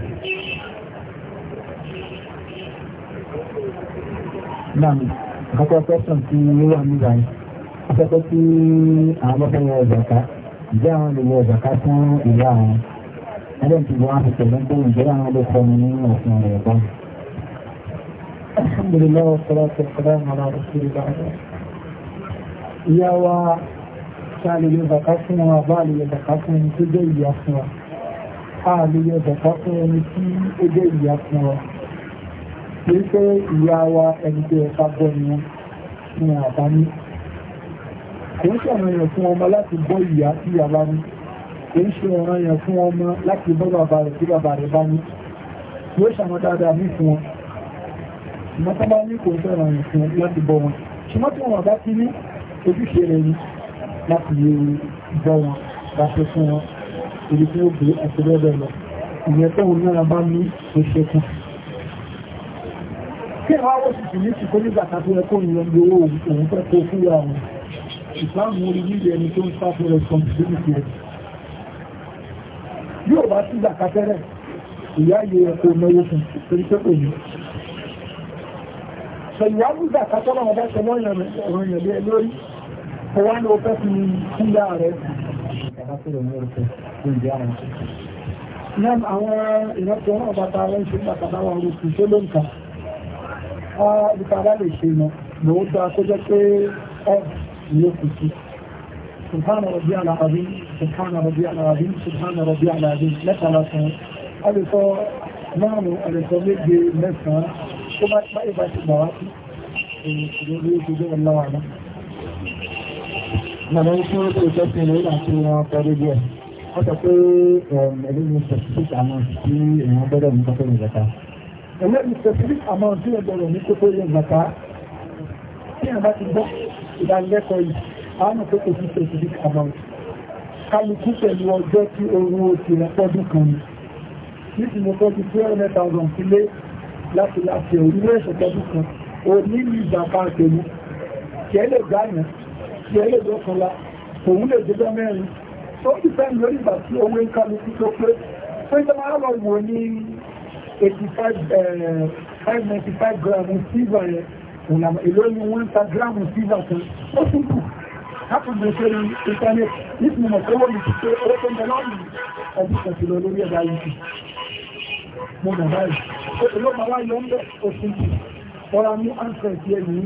Speaker 1: نعم Àkọ́kọ́ question tí ó wà nígbà yìí, akẹ́kọ̀ọ́ tí àwọn ọmọ fẹ́ yọ ọ̀zàká, ìjẹ́ àwọn lè yọ ọ̀zàká fún ìyá àwọn ẹlẹ́yìn tí wọ́n á fi tẹ̀lé pé ìjẹ́ àwọn olóko mi ní òfin rẹ̀ bọ́. alhamdulilayi wa salatu wa salam ala rasulillah ìyá wa ṣáàlìyé bàkà fún wa báàlìyé bàkà fún ẹni tó jẹ́ ìyá fún wa ṣáàlìyé bàkà fún ẹni tí ó jẹ́ ìyá fún wa kìí pé ìyá wa ẹni tó ẹ̀ka bọ́ ni wọn fún wa bá ní kò ń ṣàmìyàn fún ọmọ láti bọ́ ìyá tí ìyá bá ní kìí ṣe ọ̀ràn yẹn fún ọmọ láti bọ́ bàbá rẹ̀ tí bàbá rẹ̀ bá ní yóò ṣàwọn dáadáa ní fún wọn ṣùgbọ́n tó bá ní kò ṣe ọ̀ràn yẹn fún láti bọ́ wọn ṣùgbọ́n tí wọn bá ti ní ojúṣe rẹ̀ ní láti lè bọ́ wọn bá ṣe fún wọn èyí tí ó gbé àti bẹ́ẹ̀ lọ ìyẹn tó wọn náà bá ní kò ṣe kù kí wọ́n wọ́n sì ní ti kó nígbà tàbí ẹkọ́ ìyẹn bí owó òun fẹ́ kó fúyà wọn ìsìláàmù orí nílẹ̀ ẹni tó ń sáfẹ́ responsibility ẹ̀ bí ò bá sí ìgbàkà fẹ́rẹ̀ ìyá yìí ẹ̀kọ́ náwó fún torí pé kò ní sọ ìyá mú ìgbàkà tọ́nà wọn bá ṣe wọ́n ọ̀rọ̀ yàn lórí kò wá ní o fẹ́ fi fún ìyá rẹ̀ Nam àwọn ìrọ́pù ọmọ bàtà wọn ṣe pàtàkì àwọn olùkù tó ló ń ka. A ìta bá lè ṣe mọ̀, lòó dá kó jẹ́ pé ọ̀ ní òkùnkù. Sùnfàànà ọ̀bí àlàkàbí سبحان ربيع العظيم سبحان ربيع العظيم mẹ́tàlá kan a lè sọ márùn-ún a lè sọ méje mẹ́sàn-án tó bá pàá ìbá ti gbà wá sí ìrìnṣìlẹ̀ lórí ìṣẹ́jọ́ ọláwà náà Nàmà ikú ó tó jẹ́ pínlẹ̀ ìlà tí wọ́n pẹ̀lú díẹ̀. Wọ́n sọ pé ẹ̀lẹ́ni specific amount tí èèyàn gbọ́dọ̀ ní kọ́kọ́ ní ìgbàta. Ẹ̀lẹ́ni specific amount tí èèyàn gbọ́dọ̀ ní kọ́kọ́ ní ìgbàta. Tí èèyàn bá ti gbọ́ ìdánilẹ́kọ̀ọ́ yìí, àwọn ọmọ pé kò kálukú pẹ̀lú ọjọ́ tí owó oṣù rẹ̀ pọ́dún kan ni ní ti mo tọ́jú two hundred thousand sílé láti láti orílẹ̀ èṣẹ̀ pọ́dún kan o ní ní ìjàpá àtẹ̀mú kí ẹ lè gbáyà kí ẹ lè lọ́kànlá òun lè jẹ́jọ́ mẹ́rin tó ti fẹ́mi lórí ìgbà tí owó ń kálukú tó pé pé tó máa lọ wò ní eighty five five ninety five gram silver yẹn ìlóyún one gram silver kan ó tún kù látùgbé sórí ìtẹ́lẹ̀ nípìnlẹ̀ tó wọ́n ti pé owó tó ń bẹ lọ́rùn ọdún kẹsì lọ lórí ẹ̀dá yìí mo nà báyìí ló máa wá yọ ń bẹ̀ oṣù tí ọ̀rá mú ansẹ̀ ti ẹ̀yìn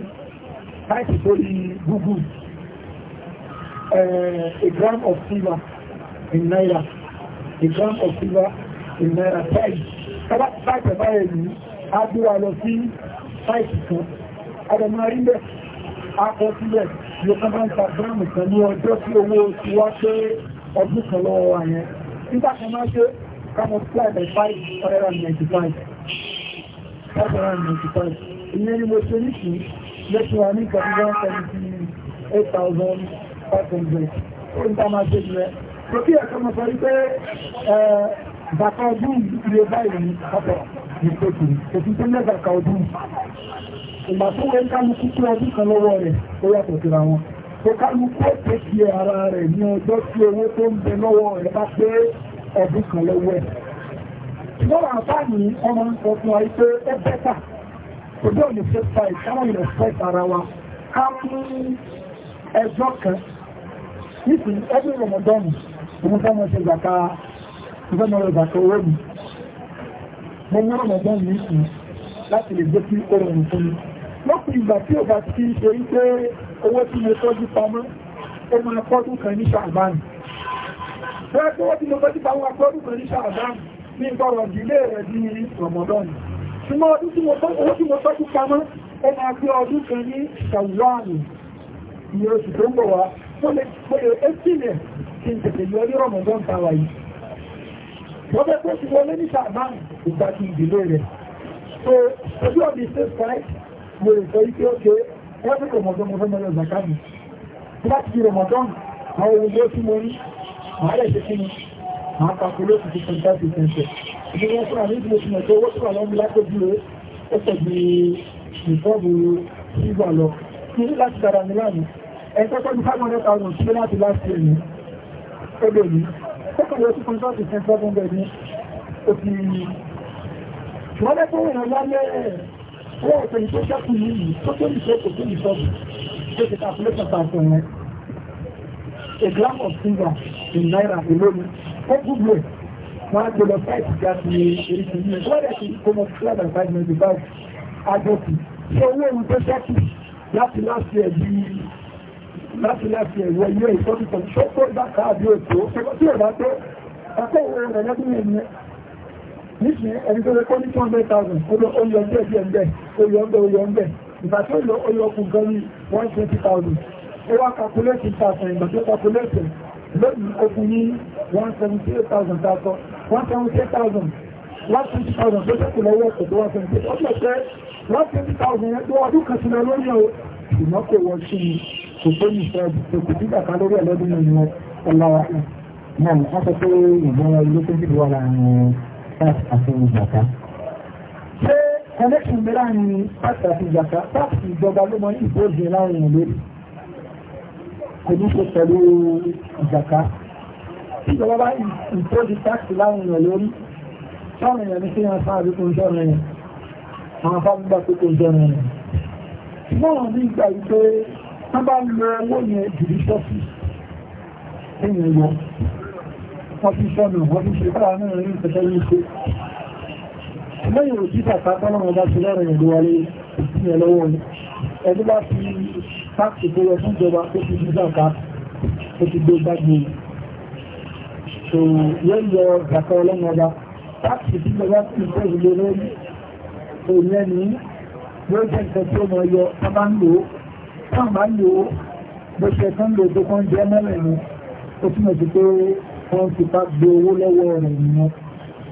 Speaker 1: a gram of silver in naira a gram of silver in naira price táìpẹ̀ báyẹ̀ yìí á gbé wa lọ sí sáìtì kan adamari bẹ́ẹ̀ á kọ sílẹ̀ yóò ká bá ń ta gíráàmù kan ní ọjọ́ tí owó ti wá pé ọdún kan lọ́wọ́ wa yẹn nígbà kan máa ṣe kámọ́ fly by five hundred and ninety five five hundred and ninety five ìyẹn ni mo ṣe níṣì lẹ́sùn wa ní ìkàtí one seventy eight thousand five hundred ó ń tá máa ṣe jù rẹ̀ tó kí ẹ̀kọ́ mọ̀ sọ wípé bàtà ọdún ilé báyìí ní ìgbà tó wọ́n kálukú tí ọdún kan lọ́wọ́ rẹ̀ ó yàtọ̀ síra wọn tó kálukú ẹ̀tẹ́ sí ara rẹ̀ ní ọjọ́ tí owó tó ń bẹ lọ́wọ́ rẹ̀ bá pé ọdún kan lọ́wọ́ ẹ̀ lọ́wọ́ àbáyìí ọmọ ń sọ fún wa pé ẹ bẹ́tà kò bí òní ṣe fa ìkáwọn ilẹ̀ fẹ́ ara wa ká mú ẹjọ́ kan nítorí ẹbí rọmọdọ́nù òun fẹ́ mọ́ ṣe gbàkà ìfẹ́ mọ́ rẹ̀ gbàkà owó mi mo mú rọmọdọ́nù nítorí láti lè gbé sí orin fún mi lọ́pù ìgbà tí ó bá ti ṣe wípé owó tí mo tọ́jú pamọ́ ó máa pọ́dún kan ní ṣàbánì bẹ́ẹ̀ tó wọ́n tí mo tọ́jú pamọ́ pọ́dún kan ní ṣàbánì ní ìgbọ́rọ̀ ìdílé rẹ̀ di rọmọdọ́nì ṣùgbọ́n ọdún tí mo tọ́jú pamọ́ ó máa gbé ọdún kan ní ṣàwánì ní oṣù tó ń bọ̀ wá tó lè ẹ́sìnlẹ̀ kí n tètè yọ ní rọmọdọ́n tàwà yìí wọ́n bẹ́ẹ̀ tó ti wọlé ní ṣàbánì ìgbà ti ìdílé rẹ̀ so ojú ọ̀dì ṣe mo lè que ike ókè wọ́n tí kò mọ̀tọ́ mo fẹ́ mọ́lẹ̀ zaka mi tí bá ti di rọmọdán àwọn ohun tó tí mo ní màá lè ṣe kíni màá kàkó ló ti fi kan tá ti fẹsẹ̀ ní wọ́n fúnra ní ìdílé tí mo tó owó tí wà lọ́mú lápẹ́jú rẹ̀ ó pẹ̀ ju ìfọ́bù ìgbà lọ kí ní láti dára mi lánàá ẹ̀ẹ́dẹ́ pẹ̀lú five hundred thousand tí ó láti láti ẹ̀mí ó lè ní ó kàn lọ sí kan tá ti wọ́n ọ̀sẹ̀ yìí tó ṣẹ́kù yìí tó tó ní ṣẹ́kù tó ní sọ́ọ̀bù tó ti calculation tààtọ̀ yẹn a gram of silver in naira ìlónìí ó gbúgbò ẹ̀ wọ́n á gbọ́dọ̀ five gas ní eréṣin yìí wọ́n rẹ̀ sí kó mọ̀ three hundred and five ninety five àjọkù ṣé owó ohun tó ṣẹ́kù láti láti ẹ̀ bí láti láti ẹ̀ wọ ilé ìtọ́jú kan ṣó tó ìbá káàdì ètò ṣé kó tí ò bá tó ẹ̀kọ́ òun rẹ̀ lẹ́gbẹ̀ẹ́ nísìn ẹni tó lẹ́kọ́ ní 200,000 olóyọ ọjọ́ ẹgbẹ́ ẹgbẹ́ olóyọ ọgbẹ́ olóyọ ọgbẹ́ ìgbà tó lọ olóyọ ọkùn gan ní 120,000 ó wá calculate ìtàkùn ìgbà tó calculate lónìí okùn ní 178,000 tàkọ 178,000 120,000 tó tẹ́kù lọ́wọ́ ọ̀pọ̀ tó 178 ọjọ́ pé 120,000 yẹn tó ọdún kan sílẹ̀ lórí ọ̀ ìmọ̀ kò wọ́n sí ni kò tó ní sọ òkú dídà kan lórí ẹ̀lọ́dún yẹn ọlọ́wà náà wọ́n sọ pé ìgbọ́n ilé tó dìbò wà láàrin tax àti ìjàká ṣé connection mi láàrin tax àti ìjàká tax ìjọba ló mọ ìgbóòdì láàrin ìlú kò ní ṣe pẹ̀lú ìjàká tí ìjọba bá ìgbóòdì tax láàrin ìlú lórí sáwọn èèyàn ní kí wọ́n sáà bí kò ń jọ́rin rẹ̀ àwọn fábúgbà tó kò ń jọ́rin rẹ̀ ṣùgbọ́n ní ìgbà ìgbé wọ́n bá ń lo owó yẹn judiciously èèyàn yọ wọ́n fi ṣọ́nà wọ́n fi ṣe káà náà rí ìfẹ́ṣẹ́ yìí ṣe lẹ́yìn òjíta tàbálọ́wọ́ bá ṣe ìpínlẹ̀ lọ́wọ́ ni ẹni bá ti gbé gbájú so yóò ti ń tẹ́jú lé lórí tó jẹ́ nǹkan tí ó mọ yọ tá ń lò ó tá bá ń lò ó bó ṣe tán lò tó kán jẹ́ mẹ́rin ó túnmọ̀ sí pé wọ́n ti bá gbé owó lọ́wọ́ rẹ̀ ìyẹn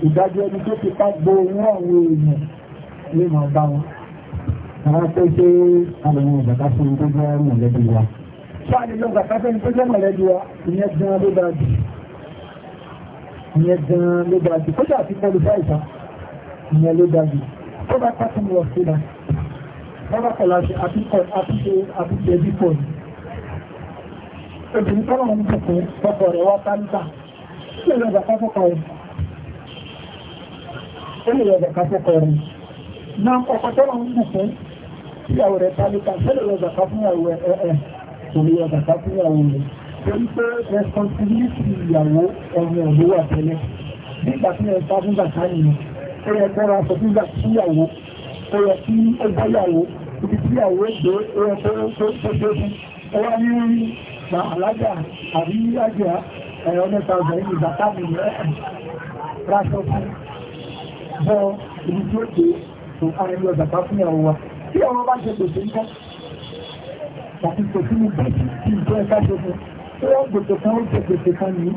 Speaker 1: ìdájọ́ ẹni tó ti bá gbé owó àwọn èèyàn lè máa bá wọn. àwọn tó ṣe àlùmọ̀ ìgbàgbá fún tó jẹ́ mọ̀lẹ́bí wa. sáàlì lọ gbàgbá fún tó jẹ́ mọ̀lẹ́bí wa ìyẹn gan ló dáa jù ìyẹn gan ló dáa jù kódà àti pọlùfà ìta ìyẹn ló dáa jù tó bá pàtó mi wọ síra wọ́n bá kọ̀lá ṣe àtúnṣe ẹbí pọ̀ ní. obìnrin tọ́lọ́ ń bùkún ọkọ̀ rẹ̀ wá táńtà ṣe lọ bàtà fọ́kọ rẹ̀ ó lè lọ bàtà fọ́kọ rẹ̀ náà ọkọ̀ tó lọ ń bù fún ìyàwó rẹ̀ tálíkà ṣe lè lọ bàtà fún ìyàwó ẹ̀ ẹ̀ kò lè lọ bàtà fún ìyàwó rẹ̀ torí pé responsibility ìyàwó ọmọ ìlú wà tẹ́lẹ̀ nígbà tí ẹ sá fún bàtà nìyẹn ó yẹ kọ́ra sọ fún bàtà ìyàwó ó yẹ kí ó bá ìyàwó ibi tí ìyàwó èdè ẹ̀rọ mẹ́ta ọgbẹ̀rin ìgbàtà mi rẹ̀ ráṣọ fún bọ́ ibi tí ó dé tó arẹlú ọgbàtà fún ìyàwó wa tí ọmọ bá ṣe pèsè ń kọ́ tàbí kò sí ní bẹ́ẹ̀ tí ìjọ ẹ̀ka ṣe fún tó wọ́n gbèsè kan ó ṣe gbèsè kan ní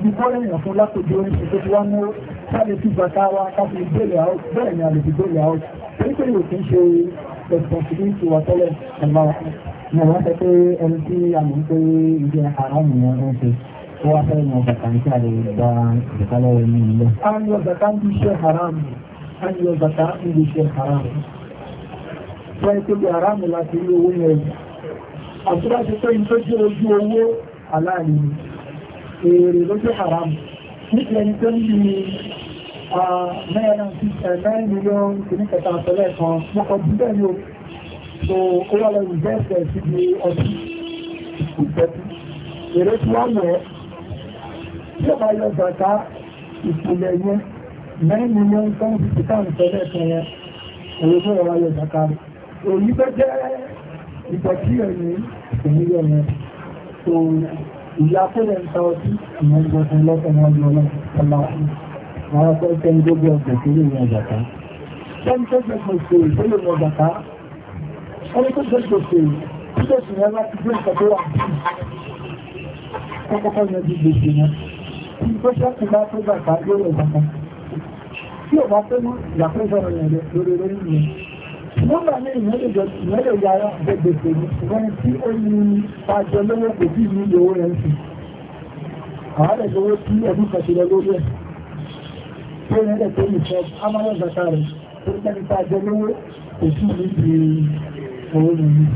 Speaker 1: bí bọ́ọ̀lù èèyàn fún lápòjú orin ṣe tó ti wá mú sáré tí gbàtà wa káfí ìgbélé àwọn bẹ́ẹ̀ mo wọ́n sọ pé ẹni tí a mọ̀ pé iṣẹ́ haram ni wọ́n ṣe tó wá fẹ́ yan bàtà ní àlè gba ìkálẹ̀ ní ilé. a ń yọ bàtà ń ṣe haram a ń yọ bàtà ń ṣe haram. wọ́n ti bí haram láti rí owó yẹn. àtúrà ti pé ìtọ́jú ojú owó aláàlú èrè ló jẹ́ haram. nípa ẹni tó ń bí mẹ́rin mílíọ̀nù kìnnìkẹta àtọ́lẹ̀ kan mọ́kàn so ó wà lọ invest ẹ̀ sí ibi ọtí ìtẹ́tí èrè tí wọ́n mọ̀ ẹ́ tí ọba yọ zaka ìpìlẹ̀ yẹn nine million ten fifty pounds tẹ́lẹ̀ tẹ́lẹ̀ èrè tí ọba yọ zaka èyí tó jẹ́ ìtọ́jú ẹ̀yìn èyí yọ yẹn so ìyá tó yẹ ń ta ọtí ìyẹn gbọ́dọ̀ lọ́sọ̀rọ̀ ọjọ́ náà ọlá àwọn akẹ́kọ̀ọ́ ń gbógbó ọ̀gbẹ̀ tó lè yọ zaka. Tẹ́ńtẹ́gbẹ̀kọ̀ ìṣòro tó lè yọ zaka ẹni tó jẹ́ gbèsè gbèsè yẹn láti gbé ìtọ́jú wà kọ́kọ́kọ́ yẹn di gbèsè yẹn tí tó ṣe kù bá tó gbàgbà lórí ìgbàgbà tí ò bá tó mú ìyàpéjọ rẹ̀ yẹn lórí lórí yẹn nígbà ní ìyẹn lè yára gbé gbèsè yẹn ṣùgbọ́n tí ó ní pàjọ lówó kò bí ní ìyẹwó rẹ̀ ń fi àwọn ẹ̀dọ́wó tí ẹ̀dún kàṣẹlẹ̀ lórí ẹ̀ tí ó yẹn lè tó ìfẹ́ amáyọ̀ gbàtà rẹ̀ tó tẹ́lifà jẹ lówó owó ló ní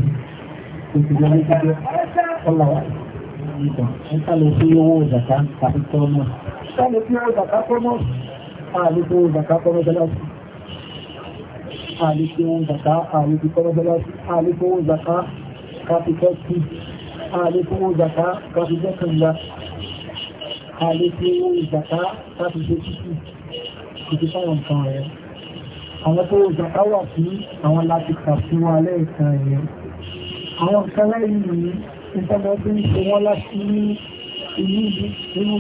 Speaker 1: ìdílé ní kíkẹ́ ọ̀là wà nígbà nípa lè fi owó ìjàká tàbí tọ́ náà nípa lè fi owó ìjàká tọ́ náà ààrẹ fi owó ìjàká tọ́ náà jẹ́lá sí ààrẹ fi owó ìjàká ààrẹ fi tọ́ náà jẹ́lá sí ààrẹ fi owó ìjàká káfí tọ́ sí ààrẹ fi owó ìjàká káfí tọ́ kànga ààrẹ fi owó ìjàká káfí tọ́ sí ìdí fáwọn àwọn tó zaka wà fún àwọn láti kà fún wa lẹ́ẹ̀kan ẹ̀yẹn àwọn kẹlẹ́ ìlú ìtọ́gbọ́n tó ń ṣe wọ́n láti ní ìlú nínú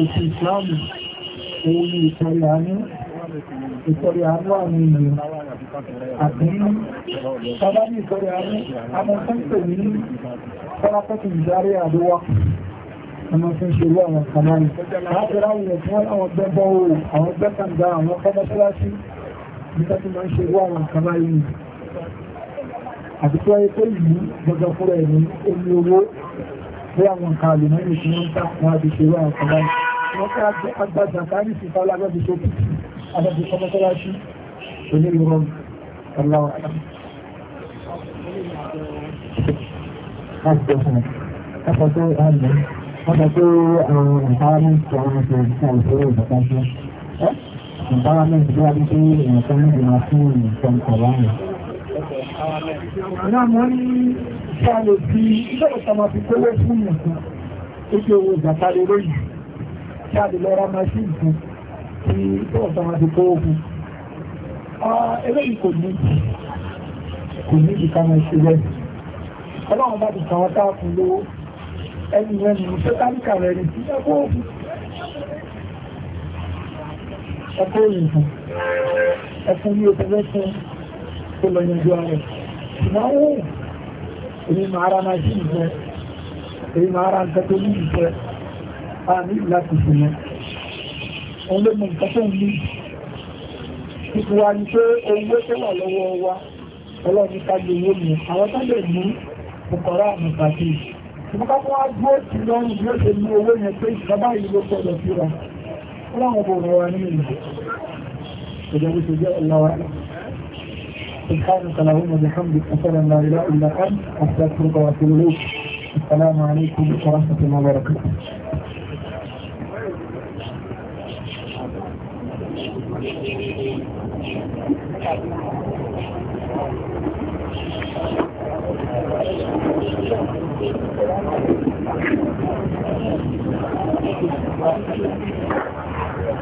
Speaker 1: òfin ìsìláàmù òun ni ìtọrẹ àánú ìtọrẹ àánú àwọn ènìyàn àti sábà ní ìtọrẹ àánú àwọn tó ń pè ní sọ́lápẹ́tì ìdarí àdúwà ọmọ tó ń ṣe irú àwọn kàmáyì láti ráwùn ẹ̀fún àwọn gbẹ́bọ́ òòrùn àwọn gbẹ́kàndà àwọn kọ́mọ́sọ́lásí nígbà tí máa ń ṣe wá àwọn nǹkan báyìí àti tó ayé tó yìí gbogbo fúnra ẹ̀mí omi owó bí àwọn nǹkan àlùmọ́nì tí wọ́n ń tà wọ́n á fi ṣe wá àwọn báyìí wọ́n ká agbájà kárí sí fáwọn agbábi tó kù agbábi kọ́mọ́tọ́láṣí onírúurú ọ̀làwà. Láti tó fún ẹ, ẹ̀kọ́ tó àgbẹ̀, wọ́n sọ pé
Speaker 2: àwọn ìfáwọn ìfọwọ́sọ ìfọwọ́sọ ìfọwọ́sọ empowerment bí wọ́n pé èèyàn kan ní ìgbìmọ̀ fún nǹkan kọ̀ọ̀rọ̀ àmì.
Speaker 1: náà mo ní kí a lè fi ilé ìtọ́mọ fi kówó fún nǹkan tó ṣe owó a lè lọ ra machine fún tí ilé ìtọ́mọ fi kówó fún. eléyìí kò ní kò ní ìdíkà ọlọ́run bá ti kàn wọ́n tá ẹni rẹ̀ nù ṣé kálíkà rẹ̀ ní ẹ̀kọ́ òfin ẹkọ́ òyìnbó ẹkùn ní òkúrẹ́ fún tó lọ yanjú ààrẹ ìnáwó èyí máa ara máa sí ìfẹ́ èyí máa ara nǹkan tó ní ìfẹ́ a ní láti fi mọ́ òun ló mọ nǹkan tó ń ní títí wa ni pé owó tó wà lọ́wọ́ wa ọlọ́run ká lè owó mi àwọn tó lè ní kòkòrò àmì pàtó ìfúnkápọ́ wá gbé ìlọrin bí ó ṣe ní owó yẹn pé ìjọba yìí ló gbọdọ̀ síra رغبوا موانين وجبت جاء الله وعلم سبحانك اللهم بحمدك أن لا إله إلا أنت أستغفرك وأتوب إليك السلام عليكم ورحمة الله وبركاته
Speaker 2: Thank you.